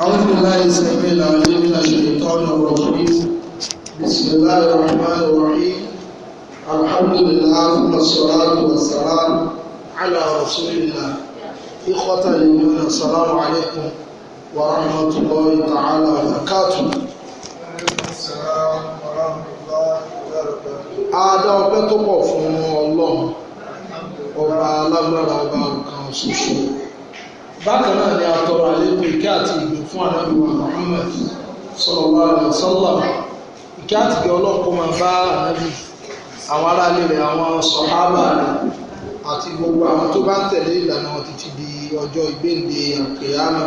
أعوذ بالله السميع العليم من الشيطان الرجيم بسم الله الرحمن الرحيم الحمد لله ثم الصلاة والسلام على رسول الله إخوة اليمين السلام عليكم ورحمة الله تعالى وبركاته السلام ورحمة الله وبركاته Adá ọpẹ́ tó pọ̀ fún Ọlọ́run, ọba alágbára ọba nǹkan ṣoṣo bákan náà ni àtọrọ àlékún ìkẹ́ àti ìgbè fún àdáwìwà Muhammad sallallahu alaihi wasallam ìkẹ́ àti ìgbè ọlọ́run kó máa bá ànábì àwọn aráalé rẹ̀ àwọn sọ̀hábà rẹ̀ àti gbogbo àwọn tó bá ń tẹ̀lé ìlànà wọn títí di ọjọ́ ìgbéǹde àkèyámà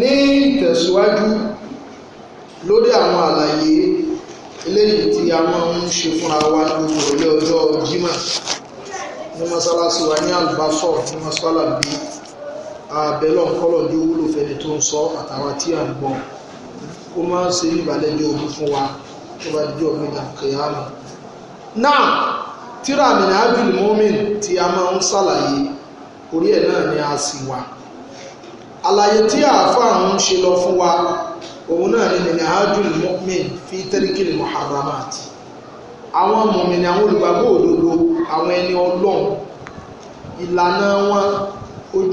ní ìtẹ̀síwájú lórí àwọn àlàyé eléyìí tí a máa ń ṣe fúnra wa gbogbo ilé ọjọ́ Jímọ̀ ní mọ́sálásí wa ní àlùbáṣọ̀ ní mọ́sálà abẹ́lọ̀ kọ́lọ̀ ní owó fẹ́ni tó ń sọ àtàwọn tí a ń gbọ́ ó máa ń ṣe ogun fún wa tó bá dijọ́ mi nà kẹ́yàmù. náà tíra mi náà bìlì mọ́mìn tí a máa ń ṣàlàyé orí ẹ̀ náà ni a sì wà. àlàyé tí àáfàá ń ṣe lọ fún wa òun náà ni nìyẹn ájúlì mọ́mìn fi àwọn mọ̀mìn ni àwọn olùgbàgbọ́ òdodo àwọn ẹni ojú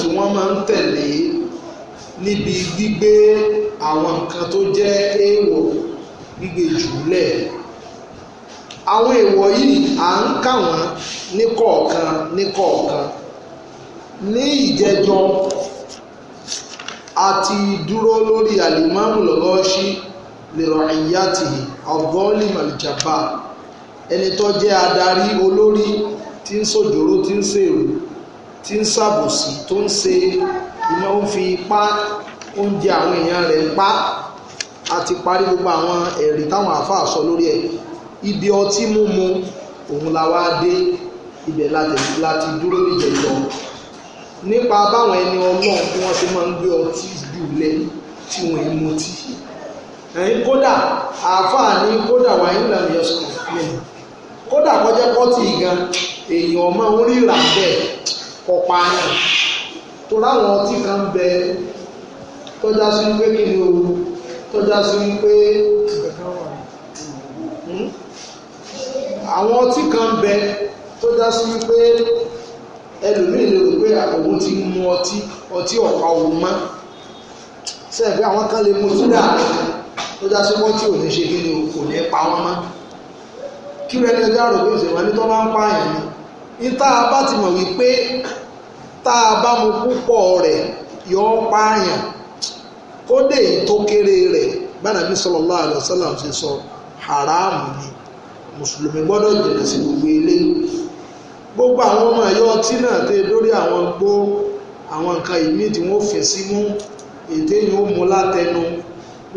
tí wọ́n máa ń tẹ̀lé níbi gbígbé àwọn nǹkan tó jẹ́ èèwọ̀ gbígbé jùlẹ̀ àwọn èèwọ̀ yìí à ń kà wọ́n ní kọ̀ọ̀kan ní kọ̀ọ̀kan ní ìjẹjọ́ àti dúró lórí àlìmọ́mù lọ́gọ́ṣí lèrò ìyáàtì ọ̀gọ́ọ̀lì màlìjàbá ẹni tó jẹ́ adarí olórí tí ń ṣòjòrò tí ń ṣèrú tí ń ṣàbòsí tó ń ṣe iná ń fi ipá oúnjẹ àwọn èèyàn rẹ̀ pa á ti parí gbogbo àwọn ẹ̀rí táwọn àáfàá sọ lórí ẹ̀ ibi ọtí mímu òun la wá dé ibẹ̀ láti dúró níjẹ̀jọ́ nípa báwọn ẹni ọlọ́run bí wọ́n ṣe máa ń gbé ọtí jùlẹ̀ tí wọ́n ń mutí ẹ̀yìn kódà àáfàá ní kódà wà ní ìlànà ìyọ̀sọ̀ kódà kọjá pọ́tì gan èèyàn ọmọ orí ìlànà bẹ́ẹ̀ kọpa náà tó láwọn ọtí kan bẹ tọ́já sí wípé kí ni o tọ́já sí wípé àwọn ọtí kan bẹ tọ́já sí wípé hmm? ẹlòmíì lè rò pé àkókò ti mu ọtí ọtí ọ̀pá òun mọ́ sẹ́ẹ̀fẹ́ àwọn kan lè mu túdà tọ́já sí wọ́n tí ò ní ṣe kí ni o kò ní pa wọ́n mọ́ kí rẹ́ni ọjà rò pé ìṣèwọ́n ní tó máa ń pààyàn ni ìta bá ti mọ̀ wípé tá a bá mu púpọ̀ rẹ̀ yọ pààyàn kódé tó kéré rẹ̀ bánàbí sallallahu alaihi ṣe sọ haramu ni mùsùlùmí gbọ́dọ̀ jìnnà sí gbogbo ilé gbogbo àwọn ọmọ ẹ̀yọ́ ọtí náà tẹ́ lórí àwọn gbó àwọn nǹkan ìmí tí wọ́n fẹ̀ sí mú ètè yìí ó mú látẹnu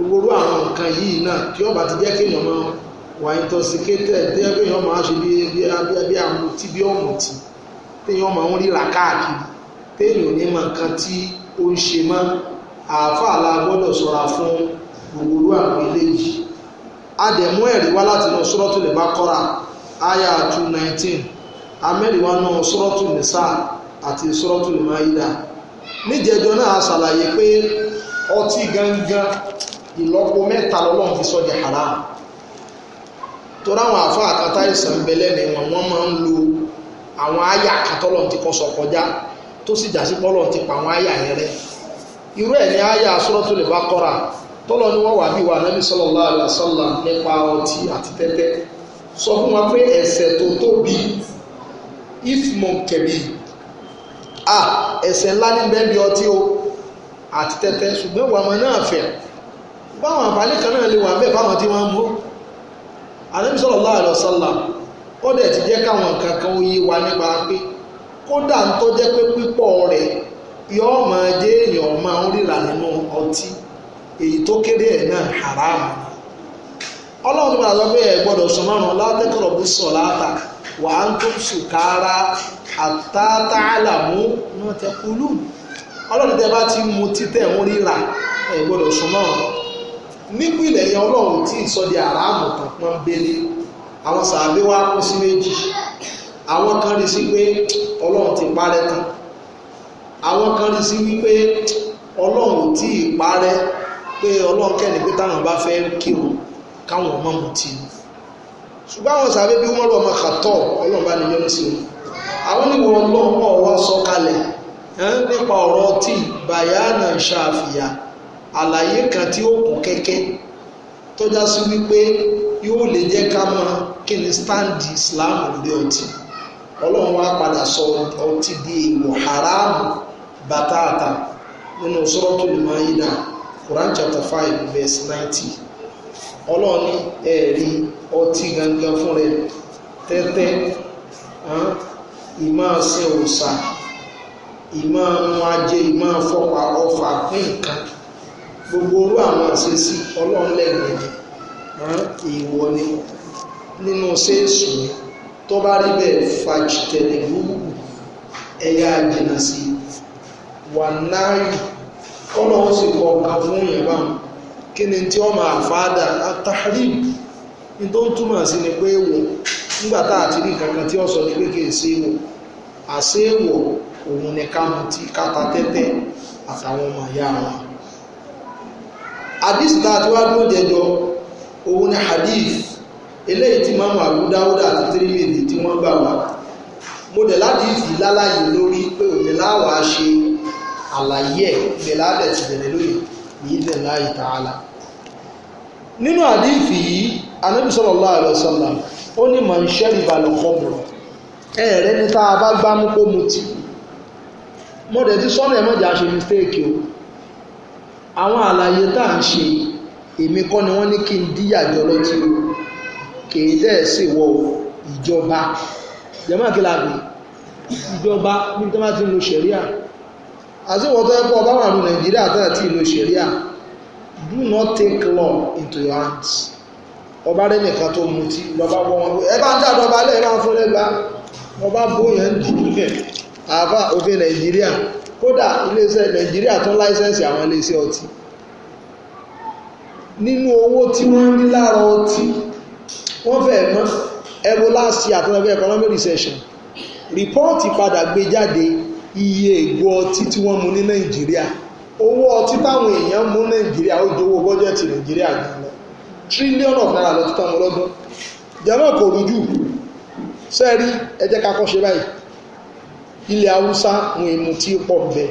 gbogbo àwọn nǹkan yìí náà tí ó ti jẹ́ kéèyàn máa wà intoxicated tí ẹgbẹ́ yẹn máa ṣe bí amutí bí ọ̀mùtí téèyàn máa ń ríra káàkiri téèyàn ò ní mọ nǹkan tí ó ń ṣe mọ́ àáfàá la gbọ́dọ̀ ṣọ́ra fún gbogbo àwọn eléyìí adẹ̀mú ẹ̀rí wá láti lọ Suratul Baqara aya two nineteen amẹ́rìíwá náà Suratul Nisa àti Suratul Maida níjẹjọ náà ṣàlàyé pé ọtí gangan ìlọ́po mẹ́ta lọ́lọ́run fi sọ di haram torí àwọn àfa àkàtà ìsàn bẹ̀lẹ̀ ni wọn wọ́n máa ń lo àwọn àyà àkàtọ́lọ̀ ti kọ́ sọ kọjá tó sì jà sí pọ́lọ̀ ti pa àwọn àyà yẹn irú ẹ̀ ní àyà Suratul Baqara tọ́lọ̀ ni wọ́n wà bí wà nábì sallallahu àti tẹ́tẹ́ wa pé ẹ̀ṣẹ̀ tó tóbi ifmọ̀ kẹ̀bi a ẹ̀ṣẹ̀ ńlá ní bẹ́ẹ̀ bí ọtí o àti tẹ́tẹ́ ṣùgbọ́n wàmọ̀ náà fẹ̀ báwọn àǹfààní kan náà lè wà bẹ́ẹ̀ báwọn tí wọ́n mú ànábì sallallahu alaihi wasallam ó dẹ̀ ti jẹ́ káwọn nǹkan kan wa nípa pé kódà ń tó pé pípọ̀ rẹ̀ yóò máa jẹ́ èèyàn máa ń ríra nínú ọtí èyí tó kéré ẹ̀ náà haram ọlọ́run nípa àlọ́ pé ẹ gbọ́dọ̀ sọ márùn-ún látẹ́kọ̀rọ̀ sọ láta wà á ń tó náà ti mu títẹ̀ ń ríra ẹ gbọ́dọ̀ nípìnlẹ̀ yẹn ọlọ́run tí ìsọdí àràmù kan pọ́n bélé àwọn sàbí wa kú sí méjì àwọn kan rí sí pé ọlọ́run ti parẹ́ tán àwọn kan rí sí wípé ọlọ́run tí ì parẹ́ pé ọlọ́run kẹ́ni pé táwọn bá fẹ́ kírun káwọn ọmọ mu ti ni ṣùgbọ́n àwọn sàbí bí wọ́n lọ ọmọ kàtọ́ ọlọ́run bá ní yọ́nú sí wọn àwọn níwò ọlọ́run náà wá sọ kalẹ̀ nípa ọ̀rọ̀ tí bàyá náà ṣàfihàn àlàyé kan tí ó kún kẹ́kẹ́ tó já sí wípé yóò lè jẹ́ ká mọ kí ni stand Islam lórí ọtí ọlọ́run wá padà sọ ọtí di èèwọ̀ haramu bàtàtà nínú Suratul Maida Quran chapter five verse ninety ọlọ́run ní ẹ̀rí ọtí gangan fún rẹ tẹ́tẹ́ ajé ọfà pín nǹkan gbogbo orú àwọn àṣesí ọlọ́run lẹ́gbẹ̀ẹ́ rán èèwọ̀ ni nínú ṣéèṣù ni tó bá rí bẹ́ẹ̀ fàjìtẹ̀lẹ̀ gbogbo ẹ̀yà àjìnà sí wà náàyù ọlọ́run sì kọ ọ̀gá fún ìyàbá kí ni tí wọ́n máa fàádà àtàríb ní tó ń túmọ̀ sí ni pé èèwọ̀ nígbà tá àti rí kankan tí ó sọ ní pé kì í ṣe èèwọ̀ àṣé èèwọ̀ òun ni ká mutí ká ta tẹ́tẹ́ àtàwọn ọmọ ìyá wọn hadith tá a ti wá dúró jẹjọ òun ni hadith eléyìí tí mamu Abu Dawud àti Tirmidhi tí wọ́n gbà wá mo dẹ̀ ládìísì lálàyé lórí pé òní láwàá ṣe àlàyé ẹ̀ bẹ̀rẹ̀ abẹ̀ ti bẹ̀rẹ̀ lónìí yìí dẹ̀ láyé tààlà nínú àdífì yìí anábì sallallahu alaihi wasallam ó ní mọ̀ ń ṣẹ́rì ìbàlùkọ́ bọ̀rọ̀ ẹ̀rẹ́ ní tá a bá gbá kó mutí mo dẹ̀ ti sọ́nà ẹ̀ mọ̀jà ṣe mistake o àwọn àlàyé tá à ń ṣe èmi kọ́ ni wọ́n ní kí n díyàjọ lọ́tí o kèé dẹ̀ sì wọ ìjọba jẹ́mọ́ ìjọba ní tí wọ́n ti ń lo ṣẹ̀ríà àti ìwọ́n tó ẹ̀kọ́ ọba wà ní nàìjíríà tó ti lo ṣẹ̀ríà do not take law into your hands ọba rẹ nìkan tó mutí lọ́ba bọ́ wọn ẹ bá ń jáde ọba lẹ́yìn máa fún lẹ́gbàá ọba bóyá ń dùn ní àbá òfin nàìjíríà kódà iléeṣẹ́ nàìjíríà tún láìsẹ̀nsì àwọn iléeṣẹ́ ọtí nínú owó tí wọ́n ní lára ọtí wọ́n fẹ́ẹ̀ mọ́ ẹ̀rọ last year tó lọ bí economic recession rìpọ́ọ̀tì padà gbé jáde iye ègbò ọtí tí wọ́n mu ní nàìjíríà owó ọtí táwọn èèyàn mú nàìjíríà ó ju owó bọ́jẹ̀tì nàìjíríà gan lọ trillion of naira lọ́tí táwọn ọlọ́dún jẹ́mọ̀ kò rújú sẹ́ẹ̀rí ẹ jẹ́ ká kọ́ ṣe báyìí ilẹ̀ haúsá wọn èmù tí pọ̀ bẹ̀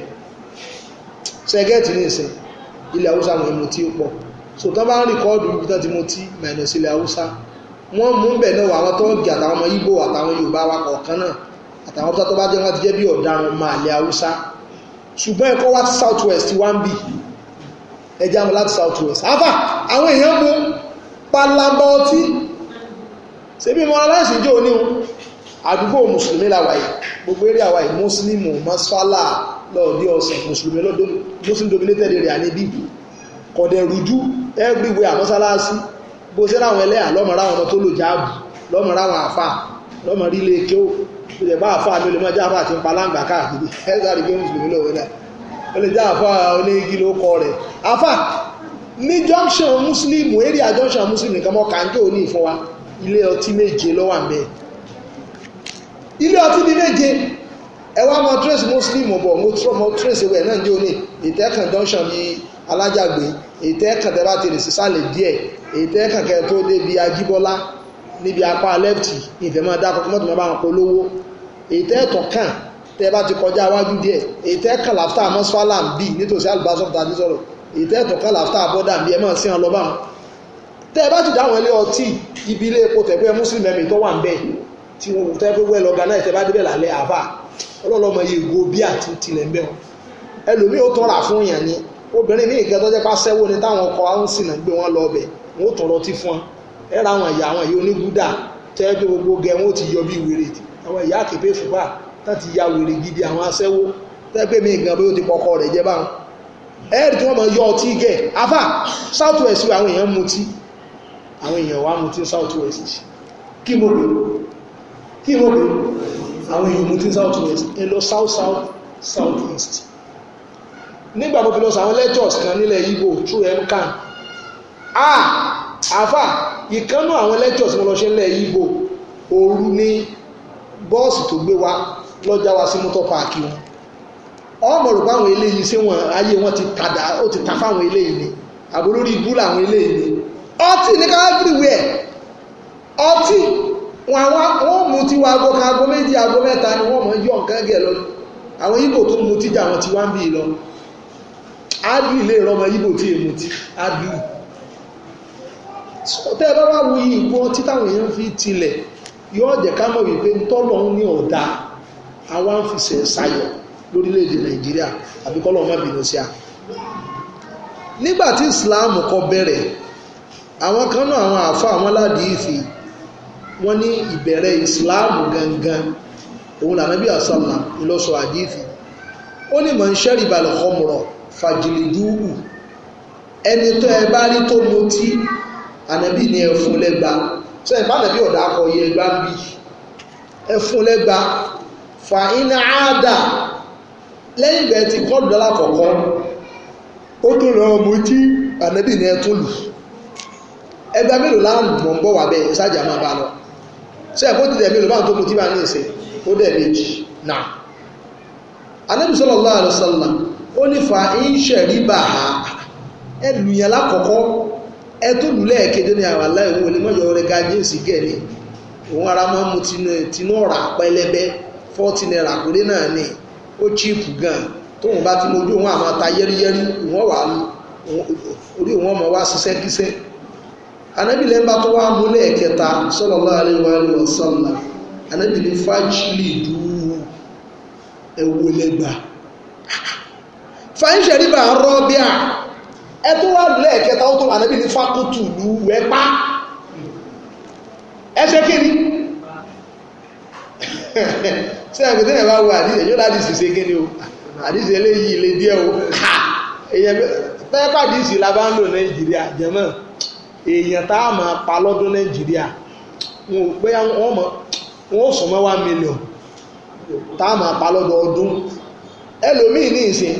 ṣẹgẹ́ẹ̀tì ní ìsìn ilẹ̀ haúsá wọn èmù tí pọ̀ so tán bá ń rìkọ́ọ̀dù ibi tán ti mú tí minus ilẹ̀ haúsá wọ́n mú bẹ̀ náà àwọn tó ń gẹ̀ àtàwọn ọmọ Ìgbò àtàwọn Yorùbá wa kọ̀ọ̀kan náà àtàwọn tó bá jẹ́ wọn ti jẹ́ bí ọ̀daràn máa ilẹ̀ haúsá ṣùgbọ́n ẹ̀kọ́ wá ti south west wá ń bì ẹja wọn láti south west afa àwọn èèyàn mú palabọ́ọ̀tì ṣebí mọ́ aláìsíjó oníhun àdúgbò mùsùlùmí làwà yìí gbogbo eré àwà yìí mùsùlùmí mọ́sálà lọ́ọ̀dí ọ̀sán mùsùlùmí muslim dominated area níbí kọ̀dẹ̀ rújú everywhere mọ́sálásí bó ṣe láwọn ẹlẹ́yà lọ́mọ̀rá àwọn tó lò jáàbù lọ́mọ̀rá àwọn àfà lọ́mọ̀rí ilé ike ó ilẹ̀ bá àfà mi lè mọ́ jáàbù àti palangba káàkiri mùsùlùmí lọ́wọ́ muslim area junction muslim nìkan mọ́ kàńkè òní ilé ọtí méje lọ́wọ́ ilé ọtí ní méje ẹ wá mọ trace muslim bọ̀ mo tọ́ mọ trace ewé náà jẹ́ òní ìtẹ́kàn junction ní alájàgbé ìtẹ́kàn tẹ́ bá ti rìn sísàlẹ̀ díẹ̀ ìtẹ́kàn kẹ́ tó débi ajíbọ́lá níbi apá lẹ́fìtì ìfẹ̀mọ́ dákọ̀ mọ́tò máa bá wọn polówó ìtẹ́ẹ̀tàn kàn tẹ́ bá ti kọjá wájú díẹ̀ ìtẹ́ẹ̀kàn láfítà mọ́sálà ń bì nítòsí àlùbásọ́fìtà ní sọ̀rọ̀ ìtẹ́ẹ̀tàn kàn láfítà bọ́dà ń bì ẹ máa sí wọn lọ bá wọn tẹ́ bá ti dáwọn ilé ọtí ibi ilé epo tẹ̀gbẹ́ mùsùlùmí ẹ̀mí tó wà ń bẹ́ẹ̀ tí wọ́n tẹ́ pé wẹ́ẹ̀ lọ́gà náà tẹ́ bá débẹ̀ lálẹ́ àfà ọlọ́lọ́mọ yìí ìgò bí àti tilẹ̀ ń bẹ̀ wọn ẹlòmíì ó tọ́ra fún yàn ni obìnrin míì kẹtọ́ jẹ́ pá sẹ́wó ni táwọn ọkọ̀ áhùnsìn náà gbé wọn lọ ọbẹ̀ wọn ó tọrọ tí fún wọn ẹ ra àwọn ìyá àwọn ìyá onígúdà tẹ́ pé gbogbo gẹ wọn ó ti yọ bí wèrè àwọn ìyá àkèpé fúbà tán ti ya wèrè gidi àwọn aṣẹ́wó tẹ́ pé míì gan bóyá ó ti pọkọ rẹ̀ jẹ́ báwọn ẹ̀rì tí wọ́n mọ̀ yọ ọtí gẹ̀ afá south west àwọn èèyàn mutí àwọn èèyàn wá mutí south west kí ló dé àwọn èèyàn mú tí south west ẹ lọ south south south east nígbà tó fi lọ sàwọn lectures kan nílẹ̀ Igbo through mcan ah àfà ìkánú àwọn lectures mo lọ ṣe nílẹ̀ Igbo òru ní bọ́ọ̀sì tó gbé wa lọ́jà wa sí motor park wọn ọmọ rò báwọn eléyìí ṣé wọn ayé wọn ti tàdá ó ti ta fáwọn eléyìí ni àbólórí ibú làwọn eléyìí ni ọtí ní káwá everywhere ọtí wọn àwọn mú tí wọ́n aago kan aago méjì aago ni mọ̀ yọ nǹkan gẹ̀ lọ àwọn tó mú wọn ti wá ń bì lọ Adu lè rọmọ Ìgbò tí ti ẹ bá wà yìí tí èèyàn fi tilẹ̀ yóò jẹ́ ká mọ̀ wípé ń ní ọ̀dà fi lórílẹ̀‐èdè Nàìjíríà àbí tí Islam kọ bẹ̀rẹ̀ àwọn kan àwọn àwọn wọ́n ní ìbẹ̀rẹ̀ ìsìláàmù gangan òun lànàbí àsàlà ìlọ́sọ àdífì ó ní mọ̀ ń ṣẹ́rì balẹ̀ ọmọrọ̀ fàjìlìdúhù ẹni tó ẹ bá rí tó mu tí ànàbí ni ẹ fún lẹ́gba ṣe ìbá ànàbí ọ̀dà akọ yẹ ẹgbà ń bì ẹ lẹ́gba fa iná àádà lẹ́yìn ìgbà tí kọ́ dọ́là kọ̀ọ̀kan ó tún rọ ọmọ tí ànàbí ni ẹ tún lù ẹgbà mélòó láàmú mọ̀ ń bọ̀ wà bẹ́ẹ̀ ṣáàjà máa bá lọ ṣe ẹ̀kọ́ ti dẹ̀mí olùbáwọn tó mú tí bá ní ìsìn ó dẹ̀ méjì náà anábì sallallahu alaihi wasallam ó ní fa ń ṣẹ̀rí bà á ẹlùyàn lákọ̀ọ́kọ́ ẹ tó lù lẹ́ẹ̀kejì ní àwọn aláìwọ̀n olè mọ́jọ rẹ̀ ga jíǹsì gẹ̀ẹ́ni òun ara máa ń mu tinú ọ̀rà pẹlẹbẹ fọ́ọ̀tì náírà péré náà ni ó chíìpù gan tóun bá ti mojú òun àmọ́ ta yẹ́rìyẹ́rì òun wà orí òun ọmọ wa ṣiṣẹ́ kíṣẹ́ anabi lẹ́mbà tó wá mú lẹ́ẹ̀kẹta sallallahu alaihi wa sallam anabi ní fájìlì dúró ẹ̀wọ́ lẹ́gbà fàǹṣẹ̀ríbà rọ́bíà ẹ tó wá lẹ́ẹ̀kẹta ó tó anabi ní fákútù lù wẹ́ pa ẹ ṣe kí ni ṣé ẹ̀kọ́ tẹ́lẹ̀ bá wọ àdìsẹ́ yóò láti ṣe kí ni o àdìsẹ́ eléyìí lè díẹ̀ o ẹ̀yẹ bẹ́ẹ̀ pàdísì la bá ń lò Nàìjíríà jẹ́mọ́ èèyàn tá a máa pa lọ́dún nàìjíríà wọn ò pé wọn wọn ò sọ one million tá a máa pa lọ́dún ọdún ẹlòmíì ní ìsìn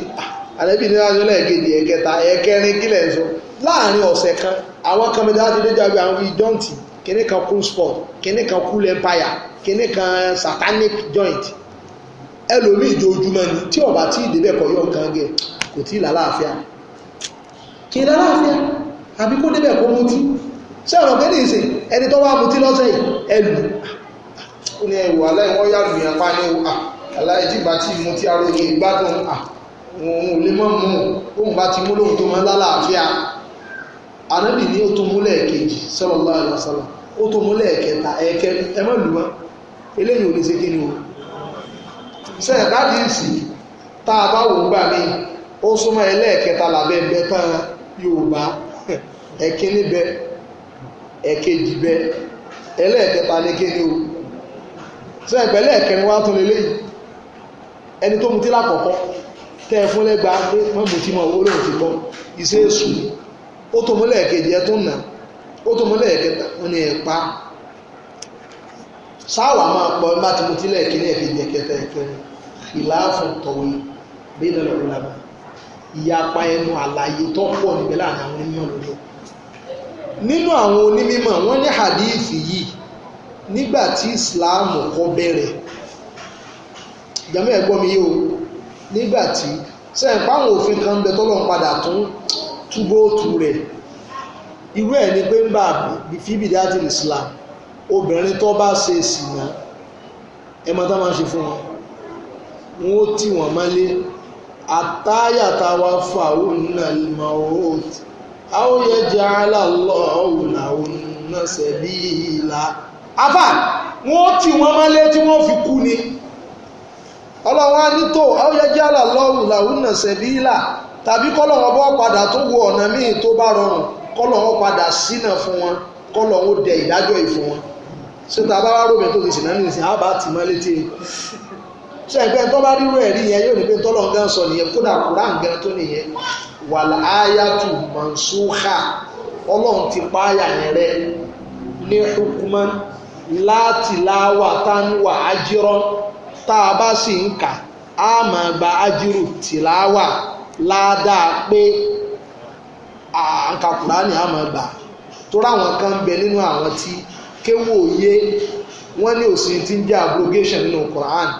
àlẹ́bí ní wájú lẹ́ẹ̀kejì ẹ̀kẹta ẹ̀kẹrin kílẹ̀ kan àwọn kan bẹ dájú dé jáde àwọn bíi kíní kan cool sport kíní kan satanic joint ẹlòmíì tí ọba tí yọ̀ nǹkan gẹ̀ kò tí àbí kó débẹ̀ kó mutí ṣé ọ̀rọ̀ pé nìyí sè ẹni tó wá mutí lọ́sẹ̀ yìí ẹlù ó ní ẹwù aláì wọ́n yá lùyàn pa ní à aláì ó tó mú lẹ́ẹ̀kejì sallallahu alaihi wasallam ó tó mú lẹ́ẹ̀kẹta ẹ̀kẹ́ ẹ má lù wọ́n eléyìí ò lè ṣe kíni o ṣe ìbádìísì tá a bá ẹ̀kíní bẹ ẹ̀kejì bẹ ẹlẹ́ẹ̀kẹta ní kíní o ṣe ẹ̀pẹ̀lẹ́ ẹ̀kẹrin wá tún lélẹ́yìn ẹni tó mutí lákọ̀ọ́kọ́ tẹ́ ẹ fún lẹ́gbàá pé mọ́ mutí mọ́ owó lóun ti bọ́ iṣẹ́ èṣù ó tó mú lẹ́ẹ̀kejì ẹ tó nà ó tó mú lẹ́ẹ̀kẹta ó ní ẹ̀ pa sáwà máa pọ̀ bá ti mutí lẹ́ẹ̀kíní ẹ̀kejì ẹ̀kẹta ẹ̀kẹrin ìlàáfù tọ̀wé bí lọ́lọ́rọ́ ìyapa ẹnu àlàyé tó pọ̀ níbẹ̀ láàrin àwọn onímọ̀ lọ́lọ́ nínú àwọn onímọ̀ wọ́n ní hadithi yìí nígbà tí islam kọ́ bẹ̀rẹ̀ ìjàmbá ẹ̀gbọ́n mi yìí o nígbà tí sẹ́yìn páwọn òfin kan bẹ tọ́lọ́ ń padà tún túbóòtú rẹ̀ irú ẹ̀ ni pé ń bà fíbìdí àti islam obìnrin tó bá ṣe sìnà ẹ mọ tá máa ṣe fún wọn wọn ó tì wọ́n mọ́lé àtàyàtà wa fà ó nà lè mọ àwọn yẹ jẹ́ aláàlọ́wò làwọn náà sẹ̀bí ìlà afá lé fi kú ni ọlọ́wọ́n á ní tó àwọn yẹ jẹ́ aláàlọ́wò làwọn tàbí bọ́ padà tó wo ọ̀nà míì tó bá rọrùn kọ́lọ́wọ́n padà sínà fún wọn kọ́lọ́wọ́n dẹ ìdájọ́ ìfún wọn ṣé tá a bá wá tó ṣẹ̀gbẹ́ tó bá rírú ẹ̀rí yẹn yóò ní pé tọ́lọ̀ gan sọ nìyẹn kódà Kùránì gan tó nìyẹn wàlá ayatu mansuha ọlọ́run ti pa àyà yẹn rẹ ní hukuman láti láwà tánuwà ajírọ́ tá a bá sì ń kà á máa gba ajírù tìláwà ládàá pé àǹkà Kùránì á máa gbà tó ráwọn kan bẹ nínú àwọn tí kéwòye wọ́n ní òsì tí ń jẹ́ abrogation nínú Kùránì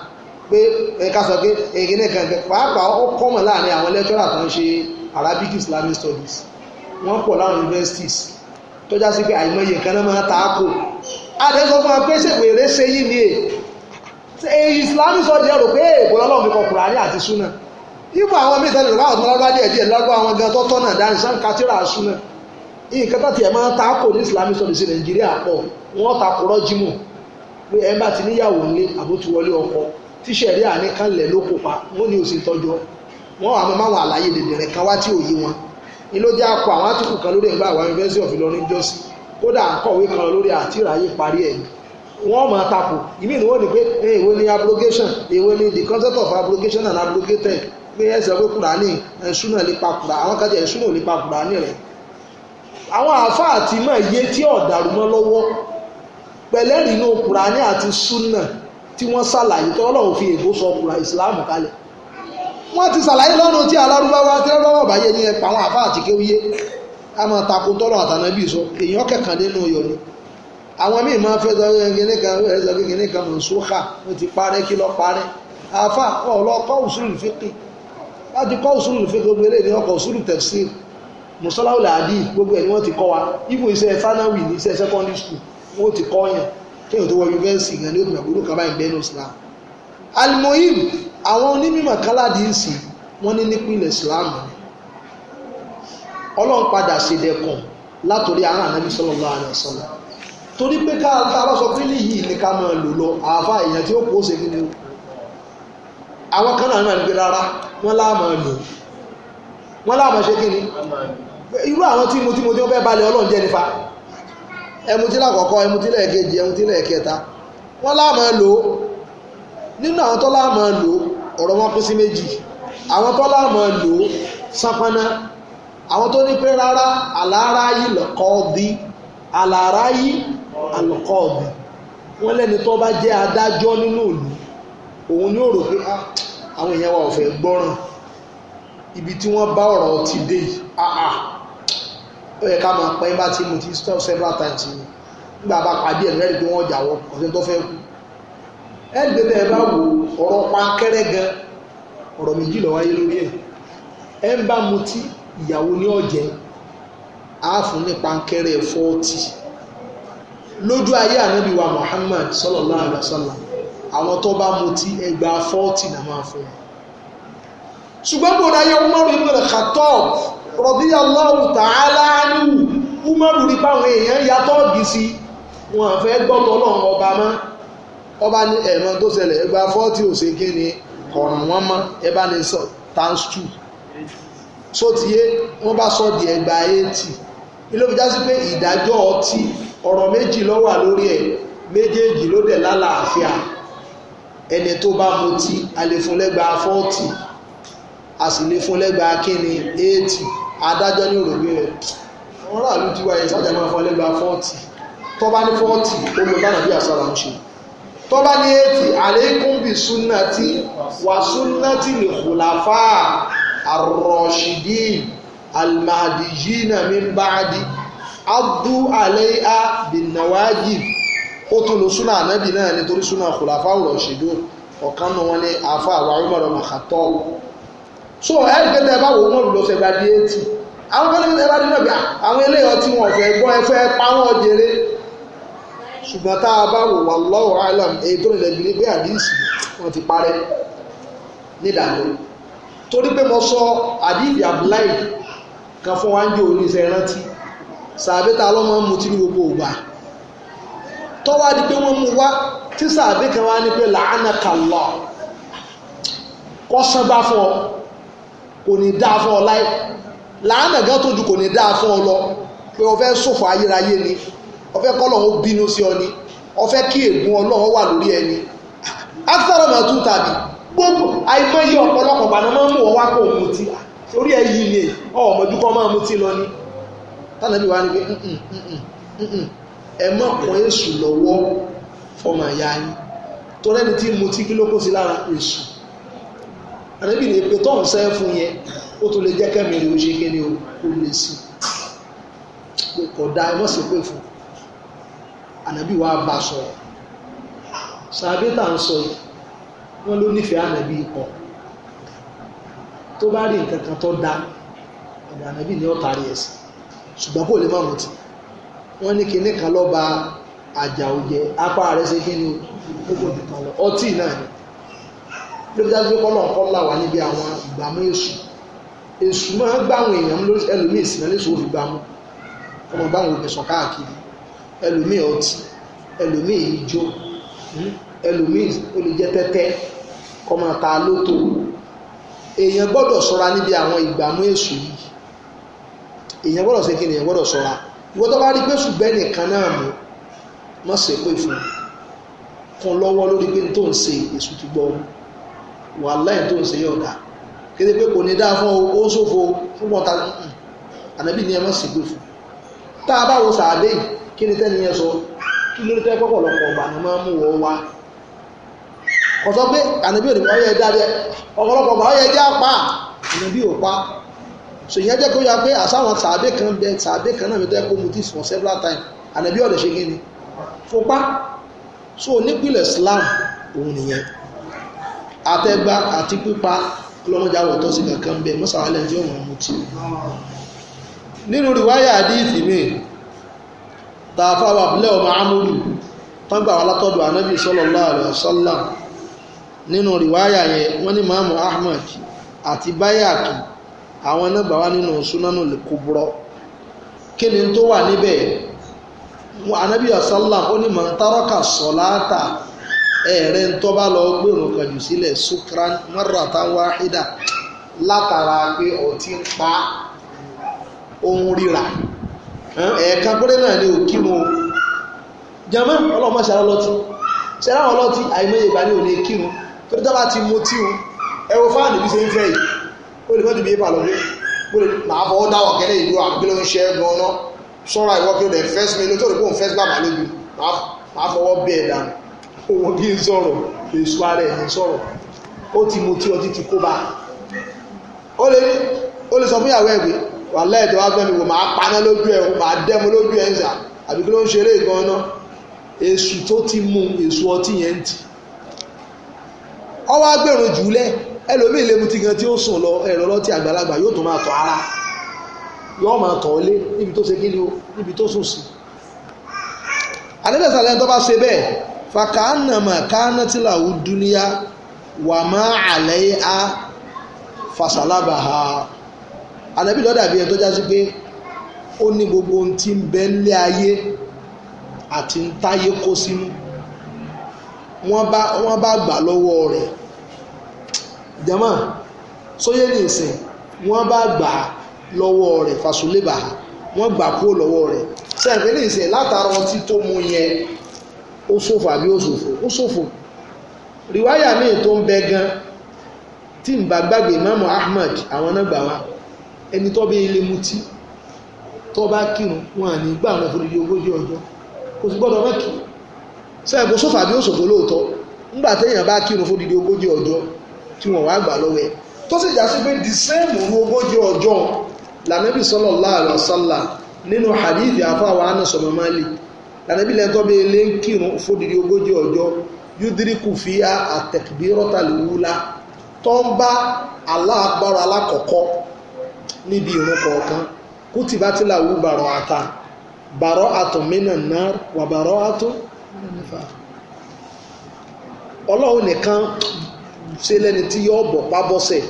pé ẹ̀ka sọ pé èyí nìkan gbẹ pàápàá ó kọ́mọ̀ láàrin àwọn lẹ́tọ́rà tó ń ṣe Arabic Islamic Studies wọ́n pọ̀ láwọn universities tó já sí pé àìmọye kan náà máa ta á kò adé sọ fún wa pé ṣèwé eré ṣe yí ni è Islamic studies rò pé èèbó ọlọ́run fi kọ Kùránì àti súnà ibò àwọn míì tẹ́lẹ̀ lọ́wọ́ àwọn ọlọ́run díẹ̀ díẹ̀ lọ́gbọ́ àwọn gan tọ́tọ́ náà dáhùn sáà kátírà súnà nǹkan tó tiẹ̀ máa ta á kò ní Islamic studies Nàìjíríà pọ̀ wọ́n ta kúrọ́ jímù pé ẹ bá ti níyàwó nílé àbótiwọlé ọkọ̀ tíṣẹ̀rí àníkànlẹ̀ ló kópa wọ́n ní òsì tọ́jọ́ wọ́n àwọn máwọn àlàyé dèdèrè kan wá tí òye wọn ni ló jẹ́ akọ àwọn àtìkù kan lórí ẹ̀gbá àwọn University of Ìlọrin jọ́sí kódà àkọ̀wé kan lórí àtìráyé parí ẹ̀ wọ́n máa takò ìmí ni wọ́n ní pé eh, èwe ni abrogation èwe ni the concept of abrogation and abrogated pé ẹsẹ̀ pé kùránì ẹ̀ṣúná lè pa kùránì àwọn kájà ẹ̀ṣúná ò lè pa kùránì rẹ̀ àwọn àáfàá àti mọ̀ iye tí ọ̀dàrú mọ́ lọ́wọ́ pẹ̀lẹ́rìí kùránì àti súnà tí wọ́n ṣàlàyé tó ọlọ́run fi èbó sọ ọkùnrin islam kalẹ̀ wọ́n ti ṣàlàyé lọ́rùn tí alárúbáwá tẹ́lọ́wọ́ báyé ní ẹ̀pà àwọn àfáà àti kéwúyé a máa takò tọ́lọ̀ àtànábì sọ èèyàn kẹ̀kàn nínú ọyọ ni àwọn míì máa fẹ́ sọ kékeré kan fẹ́ sọ kékeré kan mọ̀ sókà wọ́n ti parẹ́ kí lọ parẹ́ àfà ọlọ́kọ́ òṣùlù fíkì láti kọ́ òṣùlù fíkì gbogbo eléyìí ni wọ́n ti wa ibùsẹ̀ fánáwì ní iṣẹ́ secondary school wọ́n kéèyàn tó wọ yunifásitì gan ni ó tún àgbòrò kaba ìbẹ́nu islam alimoyim àwọn onímọ̀ ń sìn wọ́n ní islam ni ọlọ́run padà ṣèdẹ̀kùn látòrí àrùn ànábì sallallahu alaihi wasallam torí pé ká bá sọ pé níyì ni ká máa lò lọ àáfà èèyàn tí ó kó ṣe nínú àwọn ni tí mo tí mo tí ẹmutílẹ̀ kọkọ ẹmutílẹ̀ kejì ẹmutílẹ̀ kẹta wọ́n láàmà lò ó nínú àwọn tó láàmà lò ó ọ̀rọ̀ wọn pín sí méjì àwọn tó láàmà lò ó sápáná àwọn tó ní pé rárá àlàáráyí lọ́kọ́ọ̀dì àlàáráyí àlọ́kọ́ọ̀dì wọ́n lẹ́ni tó bá jẹ́ adájọ́ nínú ìlú òun ni ó rò pé ah, àwọn èèyàn wa ò fẹ́ gbọ́ràn ibi tí wọ́n bá ọ̀rọ̀ ti dé yìí ah, ah. ó yẹ ká máa pẹ́ bá ti mo ti stop several times ni nígbà bá pàdé ẹ̀ lẹ́rìí pé wọ́n jà wọ́n kò sí tó fẹ́ kú ẹ̀ẹ́dì tẹ́ ẹ bá wò ọ̀rọ̀ pankẹ́rẹ́ gan ọ̀rọ̀ méjì lọ wáyé lórí ẹ̀ ẹ̀ ń bá mu tí ìyàwó ní ọ̀jẹ̀ àáfún ní pankẹ́rẹ́ fọ́ọ̀tì lójú ayé ànábì Muhammad sallallahu alaihi wasallam àwọn tó bá mu tí ẹgbàá fọ́ọ̀tì náà máa fún wọn ṣùgbọ́n bó dayé Umar ibn Khattab radiyallahu ta'ala anhu Umaru rí báwọn èèyàn ya tọ́ọ̀gì sí wọn àfẹ́ gbọ́tọ̀ ọlọ́run ọba mọ́ ọba ní ẹ̀rọ tó ṣẹlẹ̀ ẹgbà fọ́ọ̀tì ò ṣe kí ni ọ̀ràn wọn mọ́ ẹ bá ní sọ times two so tiye wọ́n bá sọ di ẹgbà eighty ilé òfin jásí pé ìdájọ́ ọtí ọ̀rọ̀ méjì ló wà lórí ẹ̀ méjèèjì ló dẹ̀ lálàáfíà ẹni tó bá mutí a lè fún lẹ́gbàá fọ́ọ̀tì a sì lè fún lẹ́gbàá kíni adájọ́ ní òrògbé rẹ̀ wọ́n rà ló ti wáyé sájà máa fọ́n lẹ́gbàá fọ́ọ̀tì tó bá ní fọ́ọ̀tì ó lọ bánà bí àṣà làwọn ṣe tó bá ní ètì àlékún bí súnnàtì wà súnnàtì lè khulafa ar-rashidin al-mahdiyina min ba'di addu alayha bin nawajib ó tún lo súnà ànábì náà nítorí súnà khulafa ar-rashidin ọ̀kan náà wọn ní àfa àwọn arúgbó so ẹ̀ẹ́dẹ́gbẹ́ta ẹ bá wò wọ́n lọ sẹ̀gbà di eighty àwọn kan ẹ bá dín náà ah, àwọn wọn pa wọ́n tá a bá wò island èyí tó nílẹ̀ bí wọn ti torí pé mo sọ abdullahi kan fún wa ń rántí ta gbogbo ògbà tọ́wọ́ pé wọ́n mú wa tí kan pé làánà kàlọ́ fún kò ní dáa fún ọ làánà gan tó kò ní dáa fún ọ lọ pé o fẹ́ ayérayé ni o fẹ́ kọ́ lọ́wọ́ bínú sí ọ ni o fẹ́ kí ègún ọlọ́wọ́ wà lórí ẹni tàbí gbogbo àìmọye ọ̀pọ̀lọpọ̀ máa ń mú ọ kó ti orí ẹ yìí ni máa lọ ni pé ẹ má pọ̀ èṣù lọ́wọ́ fọmọ ìyá yín torí ẹni tí kí ló ànábì ni èpè tó ń sẹ́ fún yẹn ó tún lè jẹ́ kẹ́mi rè ó ṣe kéde o kò lè sí i kò da ẹ wọ́n sì pè fún ànábì wàá bá a sọ̀rọ̀ sàbí tà ń sọ yìí wọ́n ló nífẹ̀ẹ́ ànábì pọ̀ tó bá rí nǹkan kan tó da ọ̀dọ̀ ni ní ọ̀tá rí ẹ̀sìn ṣùgbọ́n kò lè má mutí wọ́n ní kinní kan lọ́ba àjà òjẹ́ apá rẹ̀ ṣe kí ni ó kò nìkan lọ ọtí náà ni ló fi dájú pé kọ́lọ̀ ńkọ́ là wá níbi àwọn ìgbàmú èṣù èṣù máa ń gbàwọn èèyàn lórí ẹlòmíì sí náà léṣù ó fi gbàmú ọmọ báwọn òbí sọ káàkiri ẹlòmíì ọtí ẹlòmíì ijó hmm, ẹlòmíì ó lè jẹ tẹ́tẹ́ kọ́ máa ta lóto èèyàn gbọ́dọ̀ ṣọ́ra níbi àwọn ìgbàmú èṣù yìí èèyàn gbọ́dọ̀ ṣe kí èèyàn gbọ́dọ̀ ṣọ́ra ìwọ tó bá rí pé ṣùgbẹ́ nìkan náà mú mọ́ ṣe pé kan lọ́wọ́ lórí pé tó ń ṣe èṣù ti gbọ́ wà láì tó ń ṣe yóò dá kéde pé kò ní dáa fún ó ṣòfò fún pọ̀ta ànábì ni ẹ mọ̀ sí fún tá a bá wo sàádé yìí kí ni tẹ́ni yẹn sọ kí ló ní tẹ́ pọ́pọ̀lọpọ̀ ọ̀gbà ni máa ń mú wọ́n wá kò sọ pé ànábì ò ní ọyọ ẹ dáadẹ ọ̀pọ̀lọpọ̀ ọ̀gbà ọyọ ẹ jẹ́ apá ànábì ò pa so ìyẹn jẹ́ kó yà pé àsáwọn sàádé kan bẹ sàádé kan náà mi tẹ́ kó mu tí for several times ànábì ọ̀dẹ̀ ṣe kí ni fopá so onípìlẹ̀ Islam òun nìyẹn àtẹgbá àti pípa ọlọ́mọdé àwọ̀tọ́ sí kankan bẹ́ẹ̀ mọ́sàwálẹ̀ tí ó mọ̀ mú ti nínú rìwáyà àdíìsì mi tààfà wà bílẹ̀ ọmọ amúlù tán wà látọ̀dọ̀ anábì sallallahu alaihi wasallam nínú rìwáyà yẹn wọ́n ní maamu ahmad àti bayaki àwọn ẹnàgbà wá nínú sunanu lè kó búrọ́ kí ni tó wà níbẹ̀ anábì sallam ó ní man taraka salata ẹ̀rẹ́ ń tọ́ bá lọ gbèrò kan jù sílẹ̀ sukran marratan wahida látara pé ọtí ń pa ohun ríra ẹ̀ẹ̀kan péré náà ni òkírun o jama ọlọ́mọ ṣe alọ́tí ṣe aláwọ̀ ọlọ́tí àìmọye ìgbà ní òní kírun tó dá bá ti mú tí o ẹwọ fáànì bí ṣe ń fẹ́ yìí ó lè mọ́jú bí ipa lọ́wọ́ ó lè máa fọwọ́ dá wà kẹ́lẹ́ ìlú àbí ló ń ṣe ẹgbẹ́ ọ̀nà sọ́ra ìwọ́kí ó lè fẹ́ sí mi lójú òdòdó òun fẹ́ sí bàbá lójú máa fọwọ́ bẹ́ẹ̀ dànù òun bí ń sọ̀rọ̀ èso ara ẹ̀ ń sọ̀rọ̀ ó ti mu tí ọtí ti kó bá ó lè ó lè sọ fún ìyàwó ẹ̀gbẹ́ wà lẹ́ẹ̀dọ́ wá gbọ́n mi wò máa paná lójú ẹ̀ máa dẹ́mu lójú ẹ̀ ń sà àbí kí ló ń ṣeré gan-an náà èsù tó ti mu èsù ọtí yẹn ń tì ọwọ́ agbèrò jùlẹ̀ ẹlòmíì lè mutí gan tí ó sùn lọ ẹ̀rọ ọlọ́tí àgbàlagbà yóò tó máa tọ̀ ara yóò máa tọ̀ lé níbi tó ṣe kí ni o níbi tó sùn sí. àdébẹ̀sàlẹ̀ tó bá ṣe bẹ́ẹ̀ fàkànnàmà kánátìláwù dúníyà wàmà àlẹ́ a fàṣàlábà ha ànábì ló dàbí ẹ̀ tó jásí pé ó ní gbogbo ohun tí ń bẹ nílé ayé àti ń táyé kó sínú wọ́n bá wọ́n bá gbà lọ́wọ́ rẹ̀ jama sóyè ní ìsìn wọ́n bá gbà lọ́wọ́ rẹ̀ fàṣùlébà wọ́n gbà kúrò lọ́wọ́ rẹ̀ sẹ́yìn pé látara ọtí tó mu yẹn ó ṣòfò àbí ó ṣòfò ó ṣòfò rìwáyà míì tó ń bẹ gan tí ń bá gbàgbé Imam Ahmad àwọn náà gbà wá ẹni tó bí ilé mutí tó bá kírun wọn à ní gbà wọn fún ogójì ọjọ́ kò sì gbọ́dọ̀ mọ́kì sẹ́yìn kò ṣòfò àbí ó ṣòfò lóòótọ́ nígbà téèyàn bá kírun fún odidi ogójì ọjọ́ tí wọ́n wá gbà lọ́wọ́ tó sì já sí pé the same òru ogójì ọjọ́ lànàbì sallallahu alaihi wasallam nínú hadithi àfáwọn anasọ̀mọ́málì ànábì lẹ́tọ́ bí ilé ń kírun fódìdí ogójì ọjọ́ yúdíríkù fi àtẹ̀kìbírọ́tàlúwúlá tó ń bá aláàgbára alákọ̀ọ́kọ́ níbi ìrun kọ̀ọ̀kan kùtì bá ti làwú bàrọ̀ àta bàrọ̀ àtọ̀ mínà náà wà bàrọ̀ àtọ̀ ọlọ́run nìkan ṣe lẹ́ni tí yọ́ bọ̀ pábọ́sẹ̀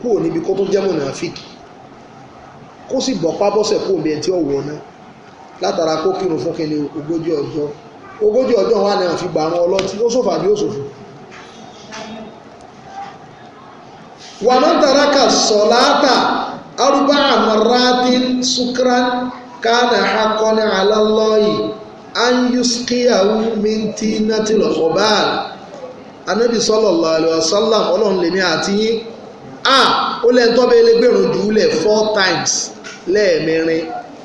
kúrò níbi kó tó jẹ́ mọ̀nà àfíkì kó sì bọ̀ pábọ́sẹ̀ kúrò níbi ẹ̀ tí ọ̀wọ́ náà látara kó kírun fún kẹlẹ ogójì ọjọ́ ogójì ọjọ́ wà ní àfi gbà àwọn ọlọ́tí ó sòfò àbí ó sòfò. wàmọ́ taraka sọ̀láàtà arúgbó àmọ́ráàdì sukran kánà akọni alálọ́yì anyuskiyahu minti natilọ ọbaal anabi sallallahu alaihi wasallam Ọlọ́run lèmi àti yín a ó lẹ́ńtọ́ bẹ́ẹ̀ lẹ́gbẹ̀rún jù ú lẹ̀ four times lẹ́ẹ̀mẹrin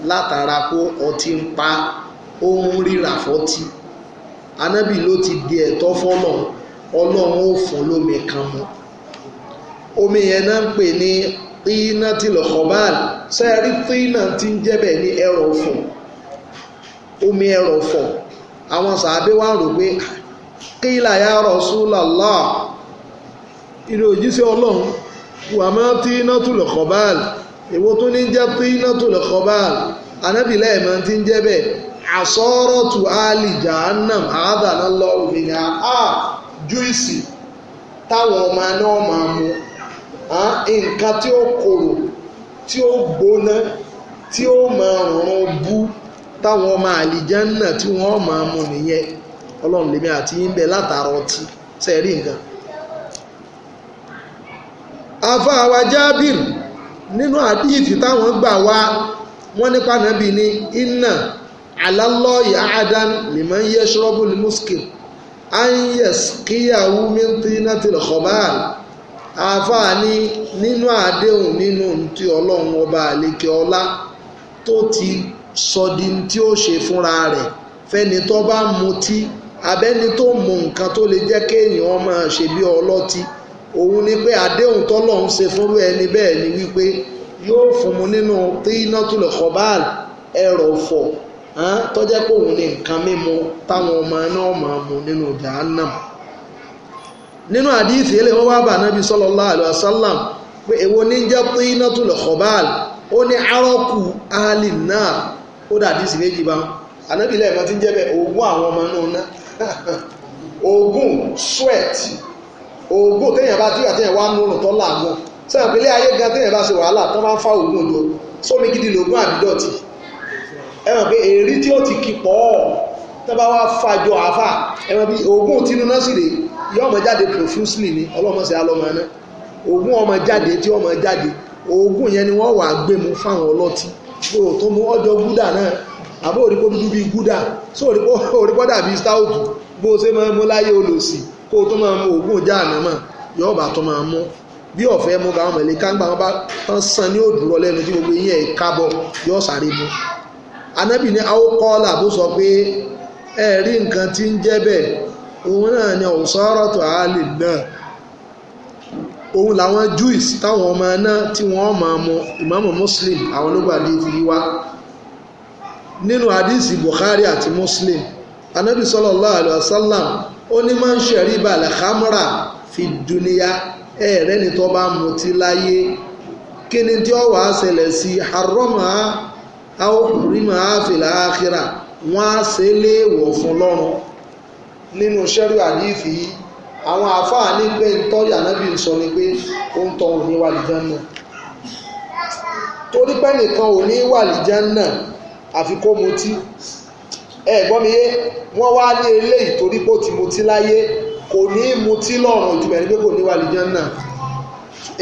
látara kó ọtí ń pa ó ń ríra fọ́tí anábì ló ti di ẹ̀tọ́ fọ́lọ̀ ọlọ́run ó fún lómi kan mu omi yẹn náà ń pè ní tíínà tí lọ́kọ̀ọ́bàl sẹ́ẹ̀rí tíínà tí ń jẹ́bẹ̀ ní ẹrọ̀fọ̀ omi ẹrọ̀fọ̀ àwọn sàábé wà rò pé kílà ya Rasulullah ilé òjíṣẹ́ ọlọ́run wà má tíínà tí lọ́kọ̀ọ́bàl èwo tó ní jẹ́ tínátòlè kọ́báàlì anábì lẹ́ẹ̀mọ́ ti ń jẹ́ bẹ́ẹ̀ àsọ́rọ̀tù àlì jahannam àádàná lọ òmìnira a júìsì táwọn ọmọ náà máa mu nǹkan tí ó korò tí ó gbóná tí ó máa rọrùn bú táwọn ọmọ àlìjánà tí wọ́n máa mu nìyẹn ọlọ́run lèmi àti yín bẹ látara ọtí sẹ́ẹ̀rí nǹkan. afáwa jábìrì nínú àdíyìtì táwọn gbà wá wọ́n nípa nàbì ní iná alálọ́ ìhádán lèmọ́ yẹ ṣọ́rọ́bù ní mùsùkì anyes kíyàwó mẹ́tìrínà ti lọ́kọ̀báàlì àáfàá ní nínú àdéhùn nínú ti ọlọ́run ọba àlekè ọlá tó ti sọdi tí ó ṣe fúnra rẹ̀ fẹ́ni tó bá mutí abẹ́ni tó mú nǹkan tó lè jẹ́ kéèyàn máa ṣe bí ọlọ́tí òun ni pé àdéhùn tọ́lọ́hún ṣe fúnrú ẹni bẹ́ẹ̀ ni wípé yóò fún mu nínú tínátùlẹ̀ kọ́báàlì ẹ̀rọ ọ̀fọ̀ tọ́jẹ́ pé òun ni nǹkan mímu táwọn ọmọ náà máa mu nínú jahannam nínú àdíìsì ilé wọ́n wá bà nábi sallallahu alaihi wasallam pé èwo ní jẹ́ tínátùl khabal ó ní arọ́kù ahli náà ó dà àdíìsì méjì bá anábìlẹ̀ ẹ̀mọ́ ti ń jẹ́ bẹ́ẹ̀ ògùn àwọn ọmọ náà ná ògùn sweat ògbó téèyàn bá tíwà téèyàn wá múrùn tó làágùn sẹ́yìn pé ilé ayé gan téèyàn bá ṣe wàhálà tó máa ń fa ògùn òdo sómi gidi lògùn àbídọ̀tì ẹ mọ̀ pé èrí tí ó ti kí pọ̀ tó bá wá fàjọ àáfà ẹ mọ̀ bí ògùn tínú náà sì rè yóò mọ̀ jáde profusely ni ọlọ́mọṣẹ́ alọ́mọ náà ògùn ọmọ jáde tí ọmọ jáde ògùn yẹn ni wọ́n wà gbé mu fáwọn ọlọ́tí gbòòrò tó mú ọjọ́ gúdà náà àbó òrìkó dúdú bíi gúdà sóòrìkó dàbí stout bó o ṣe máa mú láyé olòṣì kó o tó máa mú ògùn já àná mọ̀ yọ ọ̀bà tó máa mú bí ọ̀fẹ́ mú gàwọn mẹ̀lẹ́ káńgbà wọn bá tán san ní òdùrọ̀ lẹ́nu tí gbogbo yín ẹ̀ kábọ̀ yọ sáré mu anábì ní awokọ́lá bó sọ pé ẹ rí nǹkan tí ń jẹ́ bẹ́ẹ̀ òun náà ni tó ọmọ Muslim àwọn hadisi Bukhari àti Muslim anábì ó ní máa ń ṣẹ̀rí balẹ̀ hamra fi dúníyà ẹ̀ẹ́rẹ́ ni tó bá mutí láyé kí ni tí ó wàá ṣẹlẹ̀ sí haroma aokurima afila akira wọn á ṣe léèwọ̀ fún lọ́run nínú sẹ́rí àdífì yìí àwọn àáfàá ní pé ntọ́jà ń sọ ni pé ó ń tọ́ òní wà torí pé nìkan òní wà lìjẹ́ mutí ẹ̀gbọ́n mi yé wọ́n wá ní eléyìí torí pé ó ti mutí láyé kò ní mutí lọ́rùn jùmọ̀ ẹni pé kò ní wà lìjọ́ náà